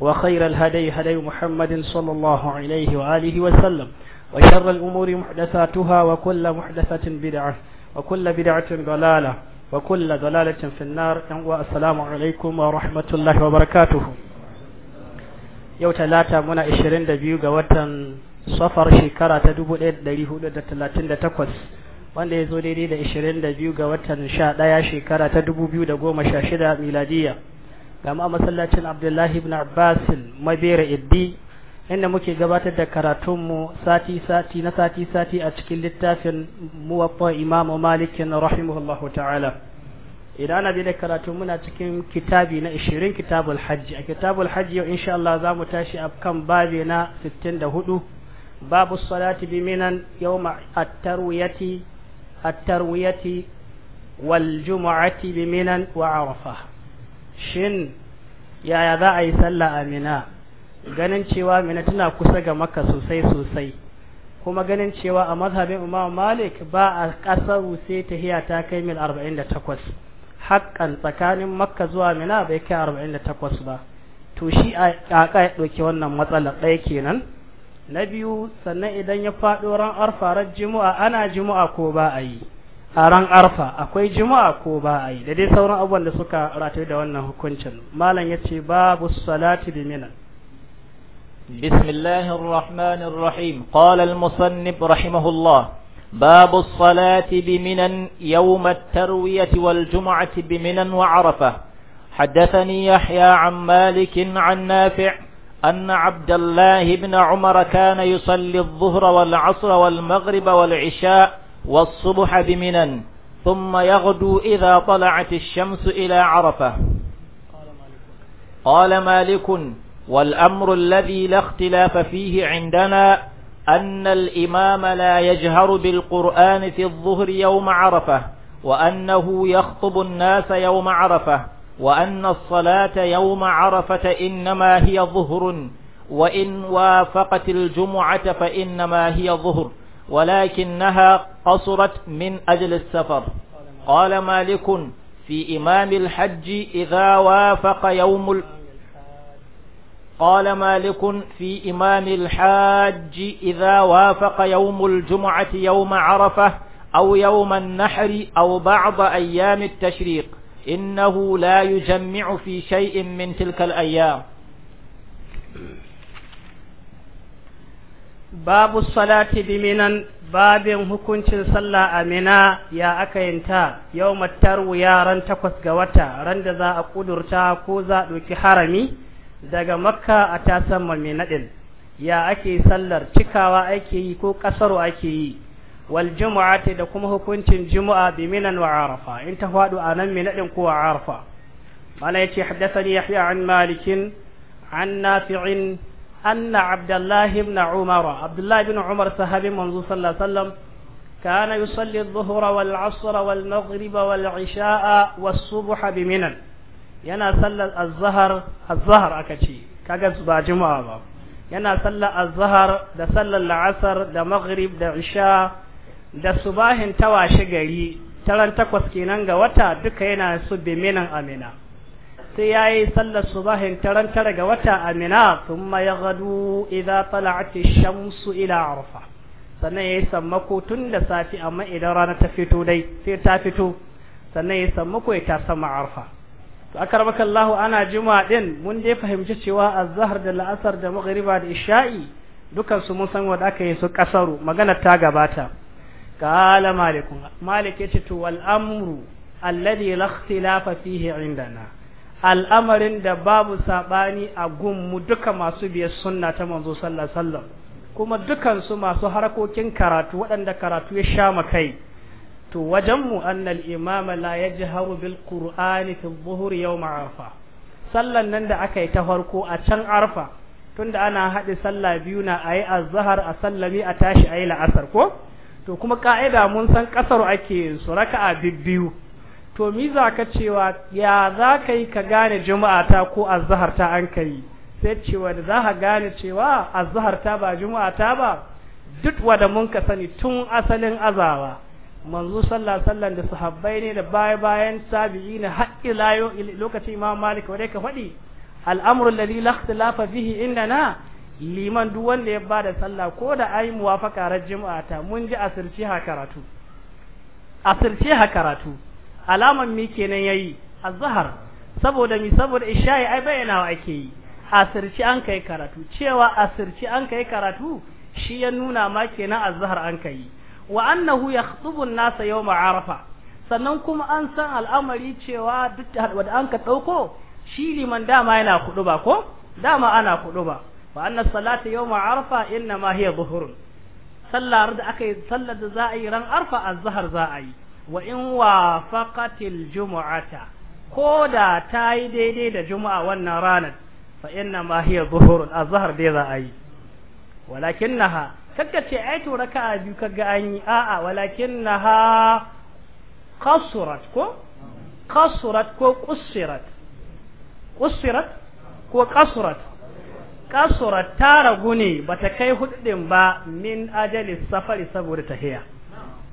وخير الهدي هدي محمد صلى الله عليه وآله وسلم وشر الأمور محدثاتها وكل محدثة بدعة وكل بدعة ضلالة وكل ضلالة في النار والسلام عليكم ورحمة الله وبركاته يو تلاتة منا إشرين دبيو قوتا صفر شكرة تدبو إيد دليه دا تلاتين دا تكوس wanda ya zo daidai da 22 ga watan 11 shekara ta 2016 miladiya Gama masallacin Abdullahi ibn Abbas Mabera Iddi inda muke gabatar da karatunmu sati-sati na sati-sati a cikin littafin muwaffa Imam Malikin rahimahullahu ta'ala idan ana da karatu muna cikin kitabi na 20 kitabul hajji a kitabul hajji yau insha Allah za mu tashi a kan babi na 64 babu salati bi minan yawma at-tarwiyati at-tarwiyati wal jumu'ati bi minan wa arafah shin yaya za a yi sallah a Minna ganin cewa mina tana kusa ga makka sosai sosai kuma ganin cewa a mazhabin imam malik ba a ƙasar ta tahiya ta kai mil 48 hakan tsakanin makka zuwa mina bai kai 48 ba to shi a ƙaƙa ya ɗauki wannan matsala ɗaya kenan na biyu sannan idan ya faɗo ran arfarar jimu'a ana jimu'a ko ba a yi a ran arfa akwai juma'a ko ba a yi da dai sauran abubuwan da suka rataye da wannan hukuncin malam ya ce babu salati bi mina بسم الله الرحمن الرحيم قال المصنف رحمه الله باب الصلاة بمنى يوم التروية والجمعة بمنى وعرفة حدثني يحيى عن مالك عن نافع أن عبد الله بن عمر كان يصلي الظهر والعصر والمغرب والعشاء والصبح بمنا ثم يغدو إذا طلعت الشمس إلى عرفة قال مالك والأمر الذي لا اختلاف فيه عندنا أن الإمام لا يجهر بالقرآن في الظهر يوم عرفة وأنه يخطب الناس يوم عرفة وأن الصلاة يوم عرفة إنما هي ظهر وإن وافقت الجمعة فإنما هي ظهر ولكنها قصرت من أجل السفر قال مالك في إمام الحج إذا وافق يوم ال... قال مالك في إمام الحاج إذا وافق يوم الجمعة يوم عرفة أو يوم النحر أو بعض أيام التشريق إنه لا يجمع في شيء من تلك الأيام babu salati bi babin hukuncin sallah a mina ya aka yinta yau wuya ran takwas ga wata ran da za a kudurta ko za a ɗauki harami daga makka a tasamma mina ɗin ya ake sallar cikawa ake yi ko ƙasaro ake yi wal jumu'ati da kuma hukuncin jumu'a bi wa arafa in ta faɗo a nan minadin ko a arafa haddasa ni ya fi an malikin an nafi'in أن عبد الله بن عمر عبد الله بن عمر صحابي منذ صلى الله عليه وسلم كان يصلي الظهر والعصر والمغرب والعشاء والصبح بمنن ينا صلى الظهر الظهر أكتشي كاجز باجمعة yana sallar azhar da sallar la'asar da maghrib da isha da subahin tawashi gari taran takwas kenan ga wata duka yana su biminan sai ya yi sallar subahin taran tara ga wata amina thumma ya gadu idan tala'ati shamsu ila arfa sannan ya yi sammako tun da safi amma idan rana ta fito dai sai ta fito sannan ya yi sammako ya ta sama arfa to akarbakallahu ana jima din mun dai fahimci cewa zahar da la'asar da maghriba da isha'i dukan su mun san wanda aka yi su kasaru magana ta gabata kala malikun malik yace to wal amru alladhi la ikhtilafa fihi indana al'amarin da babu saɓani a mu duka masu biyar sunna ta manzo sallallahu alaihi kuma dukansu masu harkokin karatu waɗanda karatu ya sha kai to wajenmu annal imama la yajharu bil qur'ani fi dhuhur yawm arfa sallan nan da aka yi ta farko a can arfa tunda ana haɗe salla biyu na ayi azhar a sallami a tashi ayi la'asar ko to kuma ka'ida mun san ƙasar ake su raka'a biyu. to mi za ka cewa ya za ka yi ka gane juma'a ta ko azahar ta an kai sai cewa da za ka gane cewa azahar ta ba juma'a ta ba duk wadda mun ka sani tun asalin azawa manzo sallasallan da su da ne da baya bayan na haƙƙi layo lokacin imam malik wadai ka faɗi al'amru alladhi la lafa fihi na liman duk wanda ya bada sallah ko da ayi muwafaqa ran jima'a ta mun ji asirce ha ha karatu alaman mi kenan yayi azhar saboda mi saboda ishayi ai wa ake yi asirci an kai karatu cewa asirci an kai karatu shi ya nuna ma kenan azhar an kai wa annahu yakhtubu an-nasa yawma arafa sannan kuma an san al'amari cewa duk wanda an ka dauko shi liman dama yana kudu ba ko dama ana kudu ba wa anna salata yawma arafa inna ma hiya zuhurun sallar da akai sallar da za a yi ran arfa azhar za a yi wa in wafaqatil jumu'ata ko da ta yi daidai da juma'a wannan ranar fa inna ma hiya zuhurun azhar dai za a yi walakinnaha kakka ce ai to raka'a biyu kaga an yi a'a walakinnaha qasurat ko qasurat ko qusirat qusirat ko qasurat qasurat ta ragu ne bata kai hudu din ba min ajali safari saboda tahiya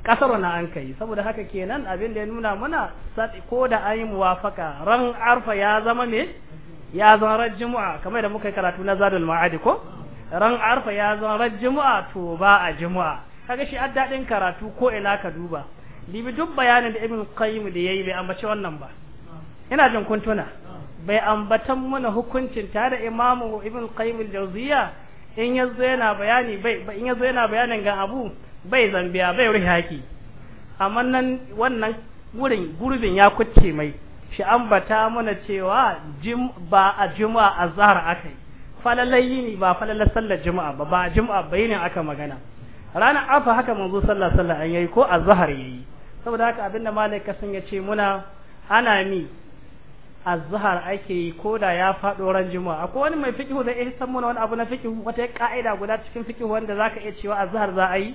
kasar na an kai saboda haka kenan abin da ya nuna mana ko da an yi muwafaka ran arfa ya zama me ya zama ran jimu'a kamar da muka yi karatu na zadul ma'adi ko ran arfa ya zama ran jimu'a to ba a jimu'a kaga shi daɗin karatu ko ina ka duba libi duk bayanin da ibn qayyim da yayi bai ambaci wannan ba ina jin kuntuna bai ambatan mana hukuncin tare imamu ibn qayyim al-jawziya in yazo yana bayani bai in yazo yana bayanin ga abu bai zambiya bai wuri haki amma nan wannan wurin gurbin ya kucce mai shi bata mana cewa ba a juma'a a zahar aka yi ne ba falalar sallar juma'a ba ba juma'a bai ne aka magana ranar afa haka manzo sallar sallar an yayi ko a zahar yayi saboda haka abinda malik kasan ya ce muna ana mi a zahar ake yi ko da ya faɗo ran juma'a akwai wani mai fikihu da ya san muna wani abu na fikihu wata ka'ida guda cikin fikihu wanda zaka iya cewa a zahar za a yi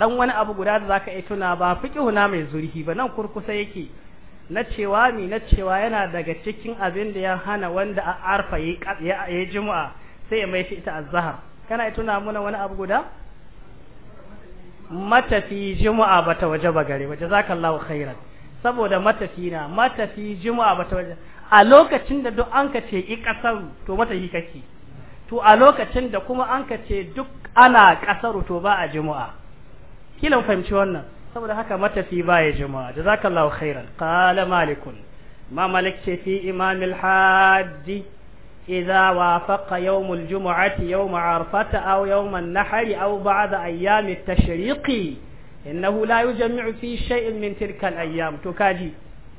dan wani abu guda da zaka yi tuna ba fiki huna mai zurhi ba nan kurkusa yake na cewa mi na cewa yana daga cikin abin da ya hana wanda a arfa ya yi juma'a sai ya mai shi ita azhar kana yi tuna muna wani abu guda matafi juma'a bata waje ba gare waje zakallahu khairan saboda matafi na matafi juma'a bata waje a lokacin da duk an ka ce kasar to matafi kake to a lokacin da kuma an ka ce duk ana kasaru to ba a juma'a kila mu fahimci wannan saboda haka matafi baya jama'a jazakallahu khairan qala malikun ma malik ce fi imam al-hajj idza wafaqa yawm al-jum'ati yawm arfata aw yawm an-nahr aw ba'da ayyam at-tashriq innahu la yujammi'u fi shay'in min tilka al-ayyam to kaji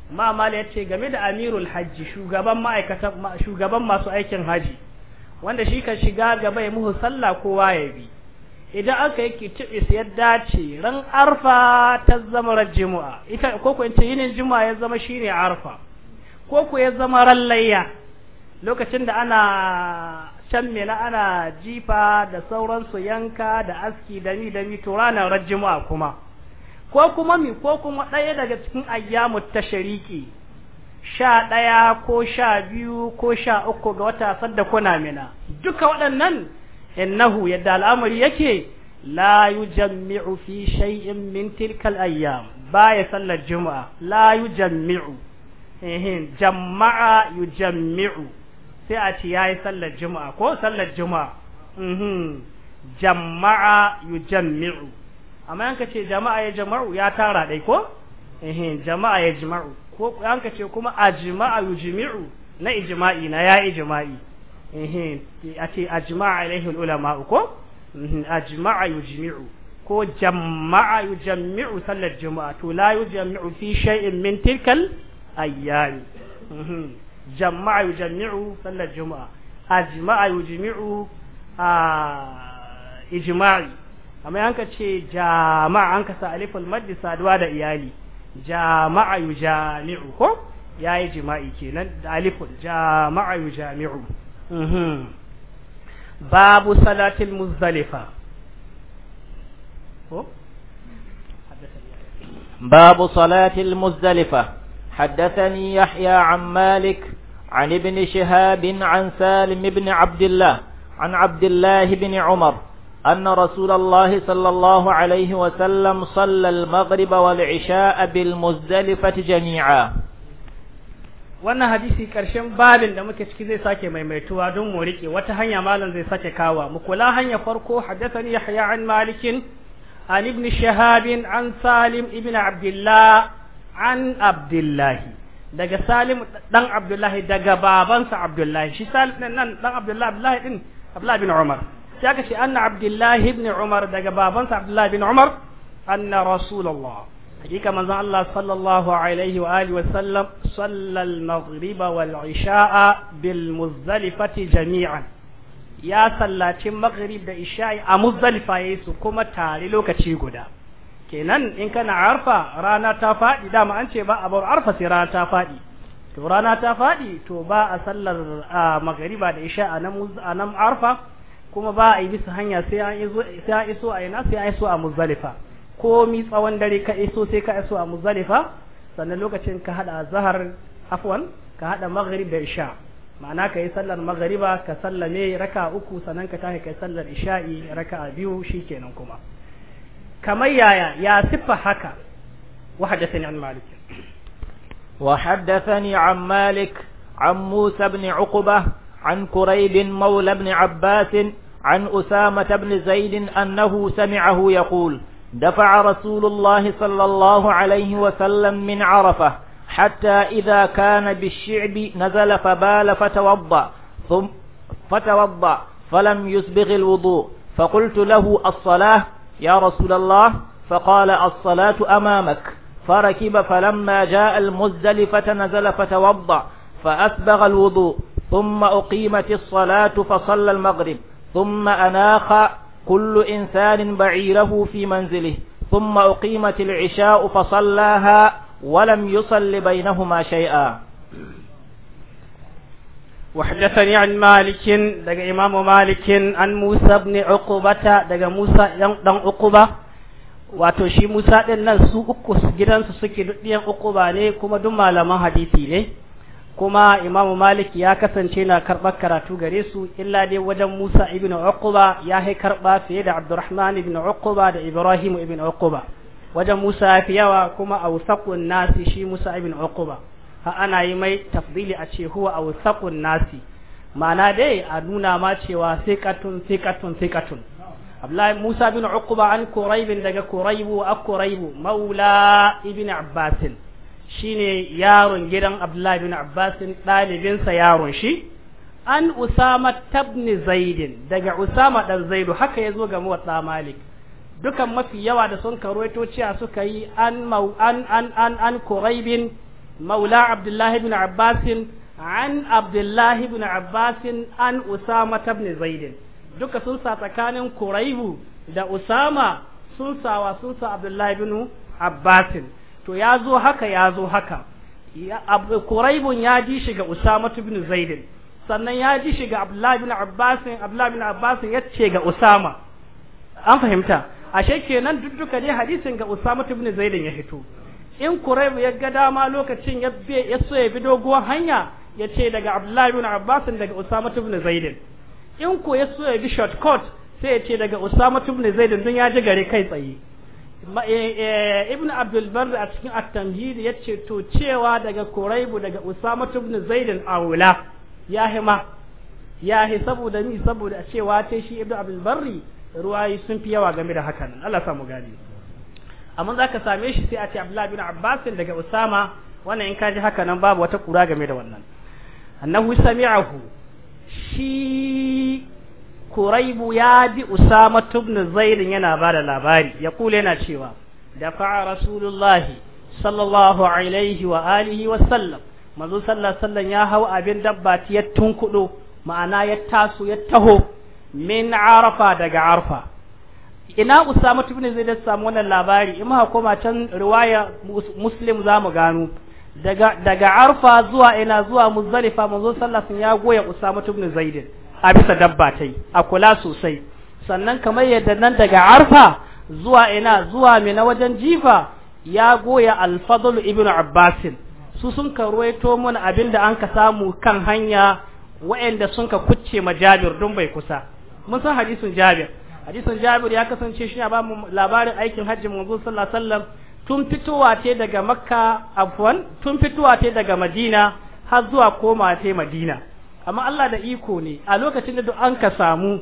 ma malik game da amirul hajj shugaban ma'aikatan shugaban masu aikin haji wanda shi ka shiga gaba ya muhu sallah kowa ya bi idan aka yi kitibis ya dace ran arfa ta zama ran ita ko ko yi yinin jimu'a ya zama shine arfa ko ko ya zama ran layya lokacin da ana can mena ana jifa da sauransu yanka da aski da ni da ni to ranar ran kuma ko kuma mi ko kuma ɗaya daga cikin ayyamu ta shariki sha ɗaya ko sha biyu ko sha uku ga wata sadda kuna mina duka waɗannan innahu yadda al'amari yake la yujammi'u fi shay'in min tilka al-ayyam baya sallar juma'a la yujammi'u eh jama'a yujammi'u sai a ce yayi sallar juma'a ko sallar juma'a mhm jama'a yujammi'u amma yanka ce jama'a ya jama'u ya tara dai ko eh jama'a ya jama'u ko yanka ce kuma ajma'a yujmi'u na ijma'i na ya ijma'i a ce ajma'a alaihi ulama ko ajma'a jimi'u ko jama'a jami'u sallar jima'a to la jami'u fi shay'in min tilkal ayyami jama'a jami'u sallar jima'a juma'a ajma'a jimi'u a ijima'i amma an ka ce jama'a an ka sa aliful maddi saduwa da iyali jama'a jami'u ko ya yi jima'i kenan da aliful jama'a jami'u باب صلاة المزدلفة باب صلاة المزدلفة حدثني يحيى عن مالك عن ابن شهاب عن سالم بن عبد الله عن عبد الله بن عمر أن رسول الله صلى الله عليه وسلم صلى المغرب والعشاء بالمزدلفة جميعا wannan hadisi karshen babin da muke ciki zai sake maimaituwa don mu rike wata hanya malam zai sake kawa mu kula hanya farko haddathani yahya an malikin an ibn shahab an salim ibn abdullah an abdullahi daga salim dan abdullahi daga babansa abdullahi shi salim nan dan abdullahi abdullahi din abdullahi bin umar sai aka ce anna abdullahi ibn umar daga babansa abdullahi bin umar anna rasulullah hakika manzon Allah sallallahu alaihi wa sallam sallal maghriba wal isha'a bil muzdalifati jami'an ya sallaci maghrib da isha'i a muzdalifa yayi su kuma tare lokaci guda kenan in kana arfa rana ta fadi dama an ce ba a bar arfa sai rana ta fadi to rana ta faɗi to ba a sallar maghriba da isha'a a nan kuma ba a yi bisa hanya sai an iso a ina sai an iso a muzdalifa komi tsawon dare ka iso sai ka iso a muzalifa sannan lokacin ka hada zahar afwan ka hada maghrib da isha ma'ana ka yi sallar maghriba ka sallame raka uku sannan ka tashi sallar isha'i raka biyu shikenan kuma kamar yaya ya siffa haka وحدثني عن مالك وحدثني عن مالك عن موسى بن عقبة عن كريب مولى بن عباس عن أسامة بن زيد أنه سمعه يقول دفع رسول الله صلى الله عليه وسلم من عرفة حتى إذا كان بالشعب نزل فبال فتوضأ ثم فتوضأ فلم يسبغ الوضوء فقلت له الصلاة يا رسول الله فقال الصلاة أمامك فركب فلما جاء المزدلفة نزل فتوضأ فأسبغ الوضوء ثم أقيمت الصلاة فصلى المغرب ثم أناخ كل إنسان بعيره في منزله ثم أقيمت العشاء فصلاها ولم يصل بينهما شيئا وحدثني عن مالك دقى إمام مالك عن موسى بن عقبة دقى موسى دن عقبة wato shi Musa ɗin nan su uku gidansu suke duk ɗiyan uku ba ne kuma duk malaman hadisi ne kuma imam malik ya kasance na karɓar karatu gare su illa dai wajen musa ibn uquba ya hai karɓa fiye da abdurrahman ibn uquba da ibrahim ibn uquba wajen musa ya fi yawa kuma awsaqun nasi shi musa ibn uquba ha ana yi mai tafdili a ce huwa awsaqun nasi ma'ana dai a nuna ma cewa katun thiqatun katun Abdullahi Musa ibn Uqba an Quraib daga Quraibu a Quraibu maula ibn Abbasin shine yaron gidan Abdullahi bin Abbas ɗalibinsa yaron shi an Usama tabni Zaidin daga Usama dan Zaidu haka yazo ga Muwatta Malik dukan mafi yawa da sun to ciya suka yi an an an an an Quraibin maula Abdullahi bin Abbas an Abdullahi bin Abbas an Usama tabni Zaidin duka sun sa tsakanin Quraibu da Usama sun sawa sun sa Abdullahi bin Abbasin to ya zo haka ya zo haka kuraibun ya ji shi ga usama bin zaidin sannan ya ji shi ga abdullahi bin abbasin abdullahi bin abbasin ya ce ga usama an fahimta ashe kenan duk ne hadisin ga usama bin zaidin ya hito in kuraibu ya ga dama lokacin ya ya so ya bi doguwar hanya ya ce daga abdullahi bin abbasin daga usama bin zaidin in ko ya so ya bi shortcut sai ya ce daga usama bin zaidin don ya ji gare kai tsaye Eh, eh, ibn abdul a cikin at-tamhid yace to cewa daga kuraibu daga usama ibn zaid aula ya hima ya hi saboda ni saboda cewa ta shi ibn abdul barri ruwayi sun fi yawa game da hakan Allah samu gani amma zaka same shi sai a ce abdullah bin abbas daga usama wannan in kaji haka nan babu wata kura game da wannan annahu sami'ahu shi kuraibu ya bi usama ibn zaid yana ba da labari ya kula yana cewa da fa'a rasulullahi sallallahu alaihi wa alihi wa sallam manzo sallallahu sallam ya hau abin dabba ta ya tunkudo ma'ana ya taso ya taho min arafa daga arfa ina usama ibn zaid ya samu wannan labari in muka koma can riwaya muslim zamu gano daga daga arfa zuwa ina zuwa muzdalifa manzo sallallahu ya goya usama ibn zaid a bisa dabba ta yi a kula sosai sannan kamar yadda nan daga arfa zuwa ina zuwa na wajen jifa ya goya alfadul ibn abbasin su sun ka ruwaito mun abin da an ka samu kan hanya wa'anda sun ka kucce ma jabir don bai kusa mun san hadisin jabir hadisin jabir ya kasance shi ba mu labarin aikin hajji manzo sallallahu alaihi wasallam tun fitowa ce daga makka afwan tun fitowa ce daga madina har zuwa koma ce madina amma Allah da iko ne a lokacin da an ka samu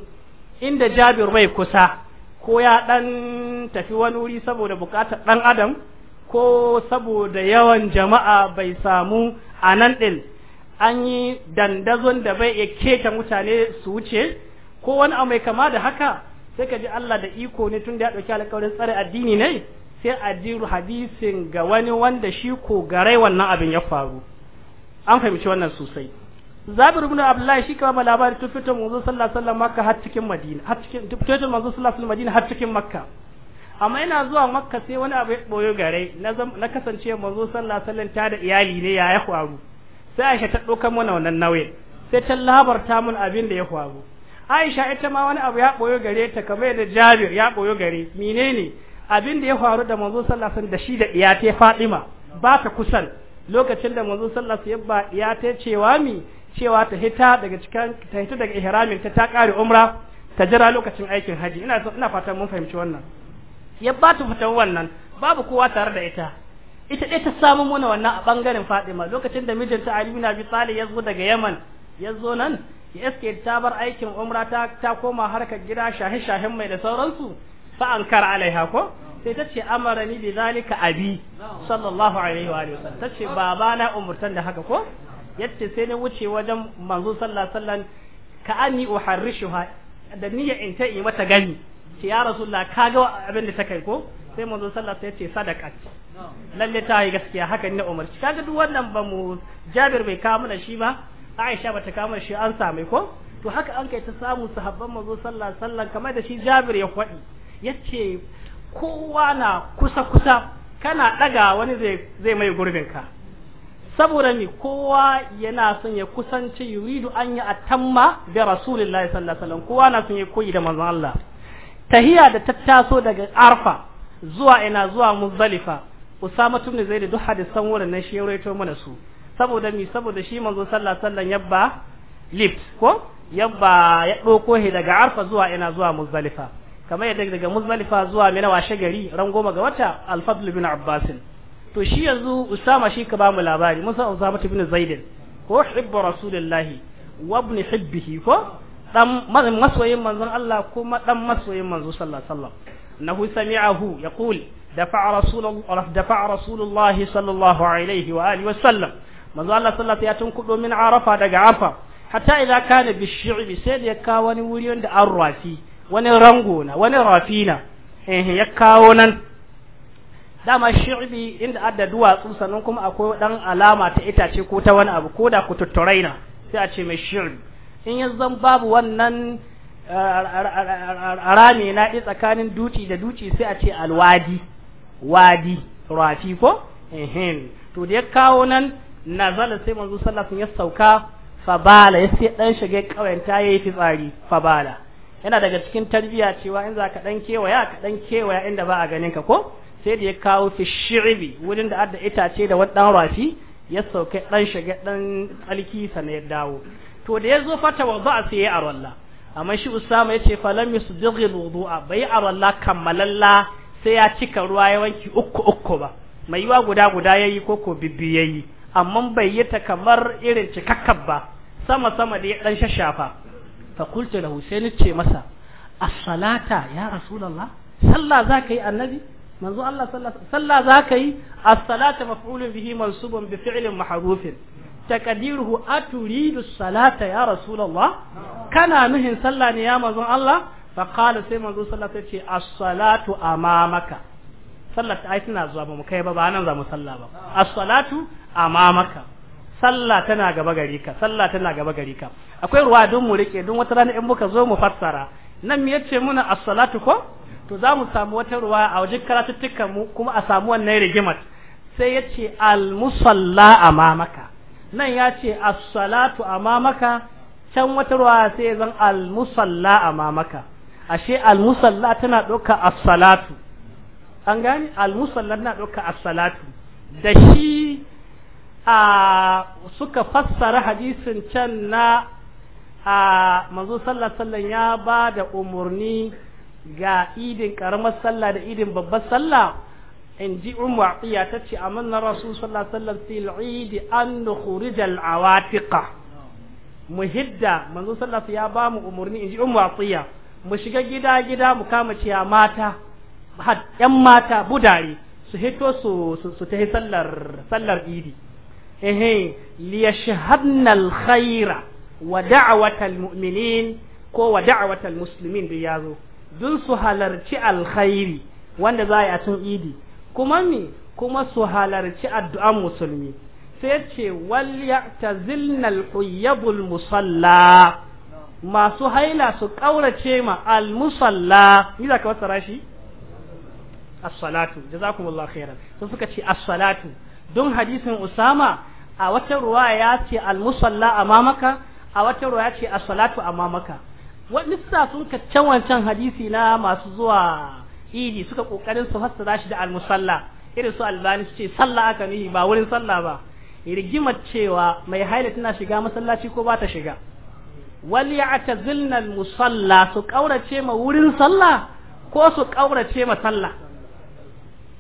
inda Jabir bai kusa ko ya dan tafi wani wuri saboda bukatar dan adam ko saboda yawan jama'a bai samu a nan din an yi dandazon da bai iya keta mutane su wuce ko wani abu mai kama da haka sai ka ji Allah da iko ne tun da ya ɗauki alƙawarin tsare addini ne sai a jiru hadisin ga wani wanda shi ko garai wannan abin ya faru an fahimci wannan sosai Zabir ibn Abdullahi shi kuma labari tun fitar manzo sallallahu alaihi wasallam Makka har cikin Madina har cikin fitar manzo sallallahu alaihi Madina har cikin Makka amma ina zuwa Makka sai wani abu ya boyo gare na na kasance manzo sallallahu alaihi wasallam ta da iyali ne ya ya kwaru sai Aisha ta dokar mana wannan nauyin sai ta labarta mun abin da ya kwaru Aisha ita ma wani abu ya boyo gare ta kamar da Jabir ya boyo gare menene abin da ya faru da manzo sallallahu alaihi wasallam da shi da iyate Fatima ba ta kusan lokacin da manzo sallallahu alaihi wasallam ya ba iyate cewa mi cewa ta hita daga cikin ta hita daga ihramin ta ta kare umra ta jira lokacin aikin haji ina ina fatan mun fahimci wannan ya ba ta fitan wannan babu kowa tare da ita ita dai ta samu muna wannan a bangaren Fatima lokacin da mijinta Ali bin Abi Talib ya zo daga Yaman ya zo nan ya iske ta bar aikin umra ta ta koma harkar gida shahi shahin mai da sauransu fa ankar alaiha ko sai ta ce amara ni bi zalika abi sallallahu alaihi wa sallam ta ce babana umurtan da haka ko yace sai na wuce wajen manzo sallallahu alaihi wasallam ka ani uharrishuha da niyya in ta yi mata gani ce ya rasulullah kaga abin da ta kai ko sai manzo sallallahu alaihi wasallam ya ce lalle ta yi gaskiya haka ne Umar kaga duk wannan ba mu Jabir bai kawo mana shi ba Aisha bata kawo mana shi an same ko to haka an kai ta samu sahabban manzo sallallahu alaihi wasallam kamar da shi Jabir ya faɗi yace kowa na kusa kusa kana daga wani zai zai mai gurbin ka saboda mi kowa yana son ya kusance yuridu an yi atamma da rasulullahi sallallahu alaihi kowa na son ya koyi da manzon Allah tahiya da tattaso daga arfa zuwa ina zuwa muzdalifa usama tun zai da duk hadisan wurin nan shi ya rawaito mana su saboda mi saboda shi manzo sallallahu alaihi yabba lift ko yabba ya ɗauko he daga arfa zuwa ina zuwa muzdalifa kamar yadda daga muzdalifa zuwa mina washe gari ran goma ga wata alfadl bin abbasin to shi yanzu usama shi ka bamu labari musa usama ibn zaid ko hibbu rasulullahi wa ibn hibbihi ko dan masoyin manzon Allah kuma dan masoyin manzo sallallahu alaihi wasallam nahu sami'ahu yaqul dafa'a rasulullah dafa'a rasulullah wa alihi wasallam manzo Allah sallallahu ya tunkudo min arafa daga afa hatta idza kana bishi'bi sai da ya kawo wani wuri da an rafi wani rango wani rafina ya kawo nan dama shi'bi inda adda duwatsu sannan kuma akwai dan alama ta itace ko ta wani abu ko da ku tutturaina sai a ce mai shi'bi in ya zan babu wannan rami na ɗi tsakanin duci da duci sai a ce alwadi wadi rafi ko ehin to da ya kawo nan nazala sai manzo sallafin ya sauka fabala ya sai dan shige kawanta yayi fitsari fabala yana daga cikin tarbiya cewa in za ka dan kewaya ka dan kewaya inda ba a ganin ka ko sai da ya kawo fi shi'ibi wurin da adda itace da wani dan rafi ya sauke dan shiga dan tsalki sana ya dawo to da ya zo fata a sai ya arwalla amma shi usama yace falam yusdighi wudu'a bai arwalla kammalalla sai ya cika ruwa ya wanki uku uku ba mai yiwa guda guda yayi ko ko bibbi yayi amma bai yi ta kamar irin cikakkar ba sama sama da ya dan shashafa fa qultu lahu sai ce masa as-salata ya rasulullah sallah zaka yi annabi manzo Allah sallah za ka yi as-salata maf'ulun bihi mansubun bi fi'lin mahrufin taqdiruhu aturidu salata ya rasulullah kana nuhin sallah ne ya manzo Allah fa qala sai manzo sallah ta ce as-salatu amamaka sallah ta ai tana zuwa ba mu kai ba ba nan za mu sallah ba as-salatu amamaka sallah tana gaba gari ka sallah tana gaba gari ka akwai ruwa don mu rike don wata rana in muka zo mu fassara nan me yace muna as-salatu ko to za mu samu wata ruwa a wajen karatuttukan mu kuma a samu wannan rigimar sai ya ce al-musalla amamaka nan ya ce as-salatu amamaka can wata ruwa sai ya zan al-musalla amamaka ashe al-musalla tana ɗauka as-salatu an gani al-musalla tana ɗauka as-salatu da shi a suka fassara hadisin can na a manzo sallallahu alaihi wasallam ya ba da umarni ga idin karamar sallah da idin babbar sallah in ji umar iya ta ce amanna rasul sallallahu alaihi wasallam fil an nukhrij al awatiqa muhidda manzo sallallahu ya ba mu umurni in ji umar mu shiga gida gida mu kama ciya mata yan mata budare su hito su su ta sallar sallar idi ehe liyashhadna al khaira wa da'watal mu'minin ko wa da'watal muslimin da yazo dun su halarci alkhairi wanda za a yi a tun idi kuma me. kuma su halarci addu'an musulmi sai ce wal ya'tazilnal huyyabul musalla masu haila su kaurace ma al musalla ni zaka fassara shi as-salatu jazakumullahu khairan to suka ce as-salatu don hadisin usama a wata ruwa ya ce al musalla mamaka a wata ruwa ya ce as-salatu mamaka. wadista sun can wancan hadisi na masu zuwa idi suka kokarin su fassara shi da almusalla irin su albani su ce sallah aka nihi ba wurin sallah ba rigimar cewa mai haila tana shiga masallaci ko ba ta shiga wal ya'tazilna almusalla su kaurace ma wurin sallah ko su kaurace ma sallah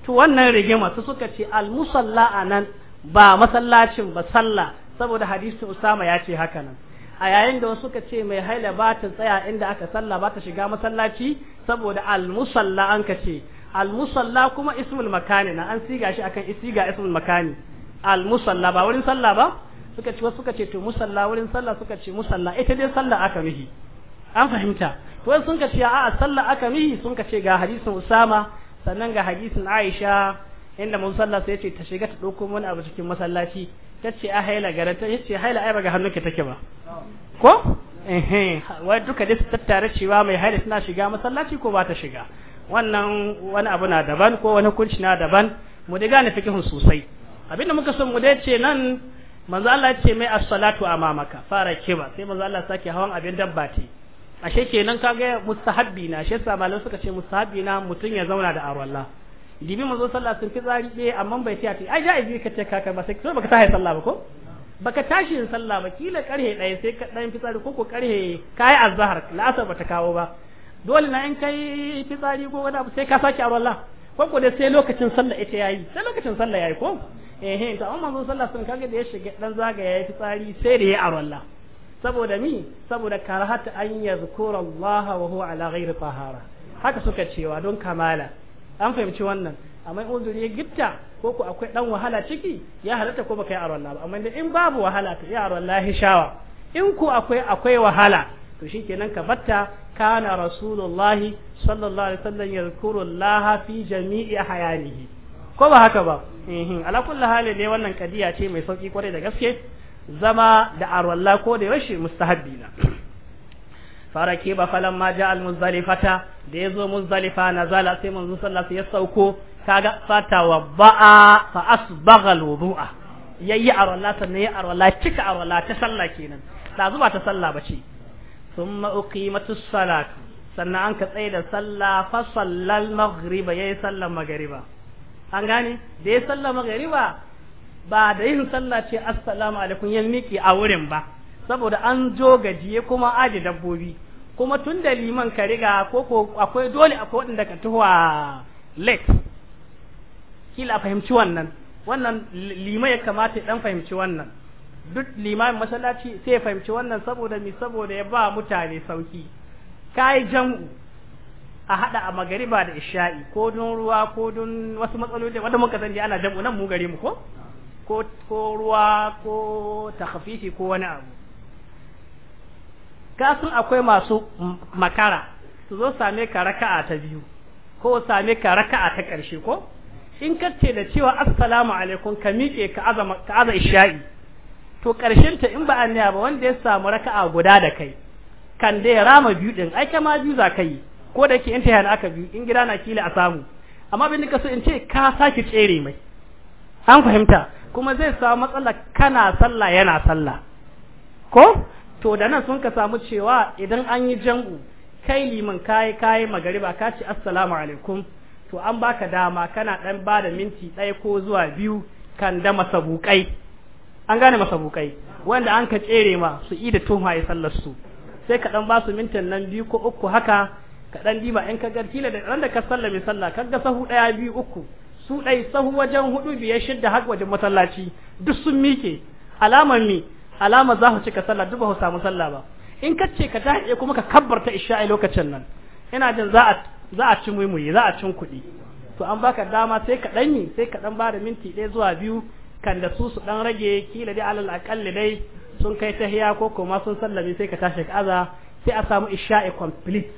to wannan rigima su suka ce almusalla anan ba masallacin ba sallah saboda hadisin Usama ya ce haka nan a yayin da wasu suka ce mai haila ba ta tsaya inda aka salla ba ta shiga masallaci saboda al-musalla an ka ce al-musalla kuma ismul makani na an siga shi akan isiga ismul makani al-musalla ba wurin salla ba suka ce wasu suka ce to musalla wurin salla suka ce musalla ita dai salla aka mihi an fahimta to sun ka ce a'a salla aka mihi sun ka ce ga hadisin Usama sannan ga hadisin Aisha inda musalla sai ce ta shiga ta dauko wani abu cikin masallaci ta ce a haila gare ta yace haila ai baga hannunka take ba ko eh wai duka da su tattare cewa mai haila suna shiga masallaci ko ba ta shiga wannan wani abu na daban ko wani kunci na daban mu dai gane fikihun sosai abinda muka so mu dai ce nan manzo Allah ce mai as-salatu amamaka fara kiba sai manzo Allah sake hawan abin dabba ce ashe kenan kaga mustahabbi na shi yasa malamai suka ce mustahabbi na mutun ya zauna da arwallah dibi mu zo sallah sun fi tsari ɗaya amma bai ce a ai ja'i biyu ka ce kaka ba sai baka tashi sallah ba ko baka tashi yin sallah ba kila karhe ɗaya sai ka ɗan fitsari ko ko karhe kayi azhar la'asar ba ta kawo ba dole na in kai fitsari ko wani abu sai ka sake a ko ko dai sai lokacin sallah ita yayi sai lokacin sallah yayi ko eh eh amma manzon sallah sun kaga da ya shiga dan zaga yayi fitsari sai da ya a wallah saboda mi saboda karahata an yazkura Allah wa huwa ala ghairi tahara haka suka cewa don kamala an fahimci wannan amma uzuri ya gitta ko ku akwai dan wahala ciki ya halatta ko baka yi aron ba amma in babu wahala to ya arwalla shawa in ku akwai akwai wahala to shikenan ka batta kana rasulullahi sallallahu alaihi wasallam yadhkuru Allah fi jami'i hayanihi ko ba haka ba eh ala kulli hali ne wannan kadiya ce mai sauki kwarai da gaske zama da arwalla ko da yaushe mustahabbi na faraki ba falan ma ja al muzdalifata da yazo muzdalifa nazala sai manzo sallallahu ya sauko kaga wa ba'a fa asbagha al wudu'a yayi arwala sannan yayi arwala cika arwala ta sallah kenan ta zuba ta sallah bace thumma uqimatu salatu sannan an ka tsaye da sallah fa sallal maghriba yayi sallar magriba an gane da yayi sallar magriba ba da yin sallah ce assalamu alaikum ya miki a wurin ba saboda an zo gajiye kuma aje dabbobi kuma tun da liman ka riga ko ko akwai dole akwai wadanda ka a late kila fahimci wannan wannan lima ya kamata dan fahimci wannan duk limamin masallaci sai ya fahimci wannan saboda mi saboda ya ba mutane sauki kai jam'u a hada a magariba da isha'i ko don ruwa ko don wasu matsaloli wanda muka sani ana jam'u nan mu gare mu ko ko ruwa ko takhfifi ko wani abu kasan akwai masu makara su zo same ka raka'a ta biyu ko same ka raka'a ta ƙarshe ko in ka ce da cewa assalamu alaikum ka miƙe ka aza ka isha'i to ƙarshen ta in ba annaya ba wanda ya samu raka'a guda da kai kan da ya rama biyu din ai kama biyu za ka ko da ke in ta aka biyu in gida na kila a samu amma bin ka so in ce ka saki tsere mai an fahimta kuma zai samu matsala kana sallah yana sallah ko to da nan sun ka samu cewa idan an yi jangu kai liman kayi kayi magariba ka ce assalamu alaikum to an baka dama kana dan ba da minti ɗaya ko zuwa biyu kan da masabukai an gane masabukai wanda an ka tsere ma su yi da tuhuma ya sallar su sai ka dan ba su mintin nan biyu ko uku haka ka dan diba in ka ga kila da ran da ka sallame sallah kaga sahu ɗaya biyu uku su ɗai sahu wajen hudu biyar shidda har wajen masallaci duk sun mike alamar mi alama za ku cika sallah duk ba ku samu sallah ba in ka ce ka tashi kuma ka kabbarta isha'i lokacin nan ina jin za a za a ci muyi za a cin kuɗi to an baka dama sai ka dan yi sai ka dan da minti ɗaya zuwa biyu kan da su su dan rage kila dai alal aqalli dai sun kai tahiya ko kuma sun sallame sai ka tashi ka aza sai a samu isha'i complete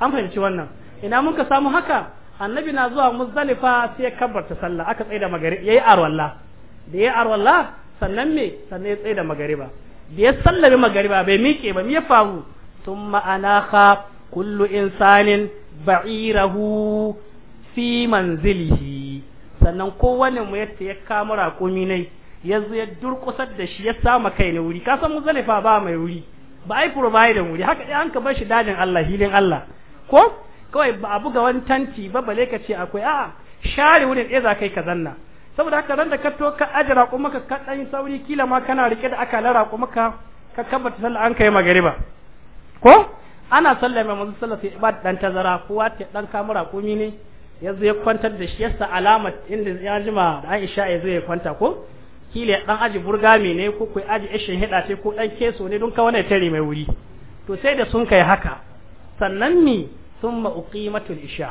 an fahimci wannan ina mun ka samu haka annabi na zuwa muzdalifa sai ya kabbarta sallah aka tsaye da magari yayi arwalla da yayi arwalla sannan me sannan ya tsaye da magariba da ya sallame magariba bai miƙe ba ya faru ma'ana ka kullu insanin ba'irahu fi manzilihi sannan kowane mu yadda ya kama raƙumi nai ya zo ya durƙusar da shi ya sama kai na wuri ka san muzalifa ba mai wuri ba ai da wuri haka ɗaya an ka bar shi dajin Allah hilin Allah ko kawai ba a buga wani tanti ba bale ka ce akwai a'a share wurin ɗaya eh, za kai ka zanna saboda haka ran da ka to ka ajira raƙumaka ka yi sauri kila ma kana riƙe da akalan raƙuma ka ka kabbata sallah an kai magariba ko ana sallah mai manzo sallah sai ibad dan tazara ko ta dan kamura raƙumi ne yanzu ya kwantar da shi yasa alama inda ya jima da Aisha ya zo ya kwanta ko kila dan aji burgami ne ko kai aji ishin hida ce ko dan keso ne don ka wani tare mai wuri to sai da sun kai haka sannan ni thumma uqimatul isha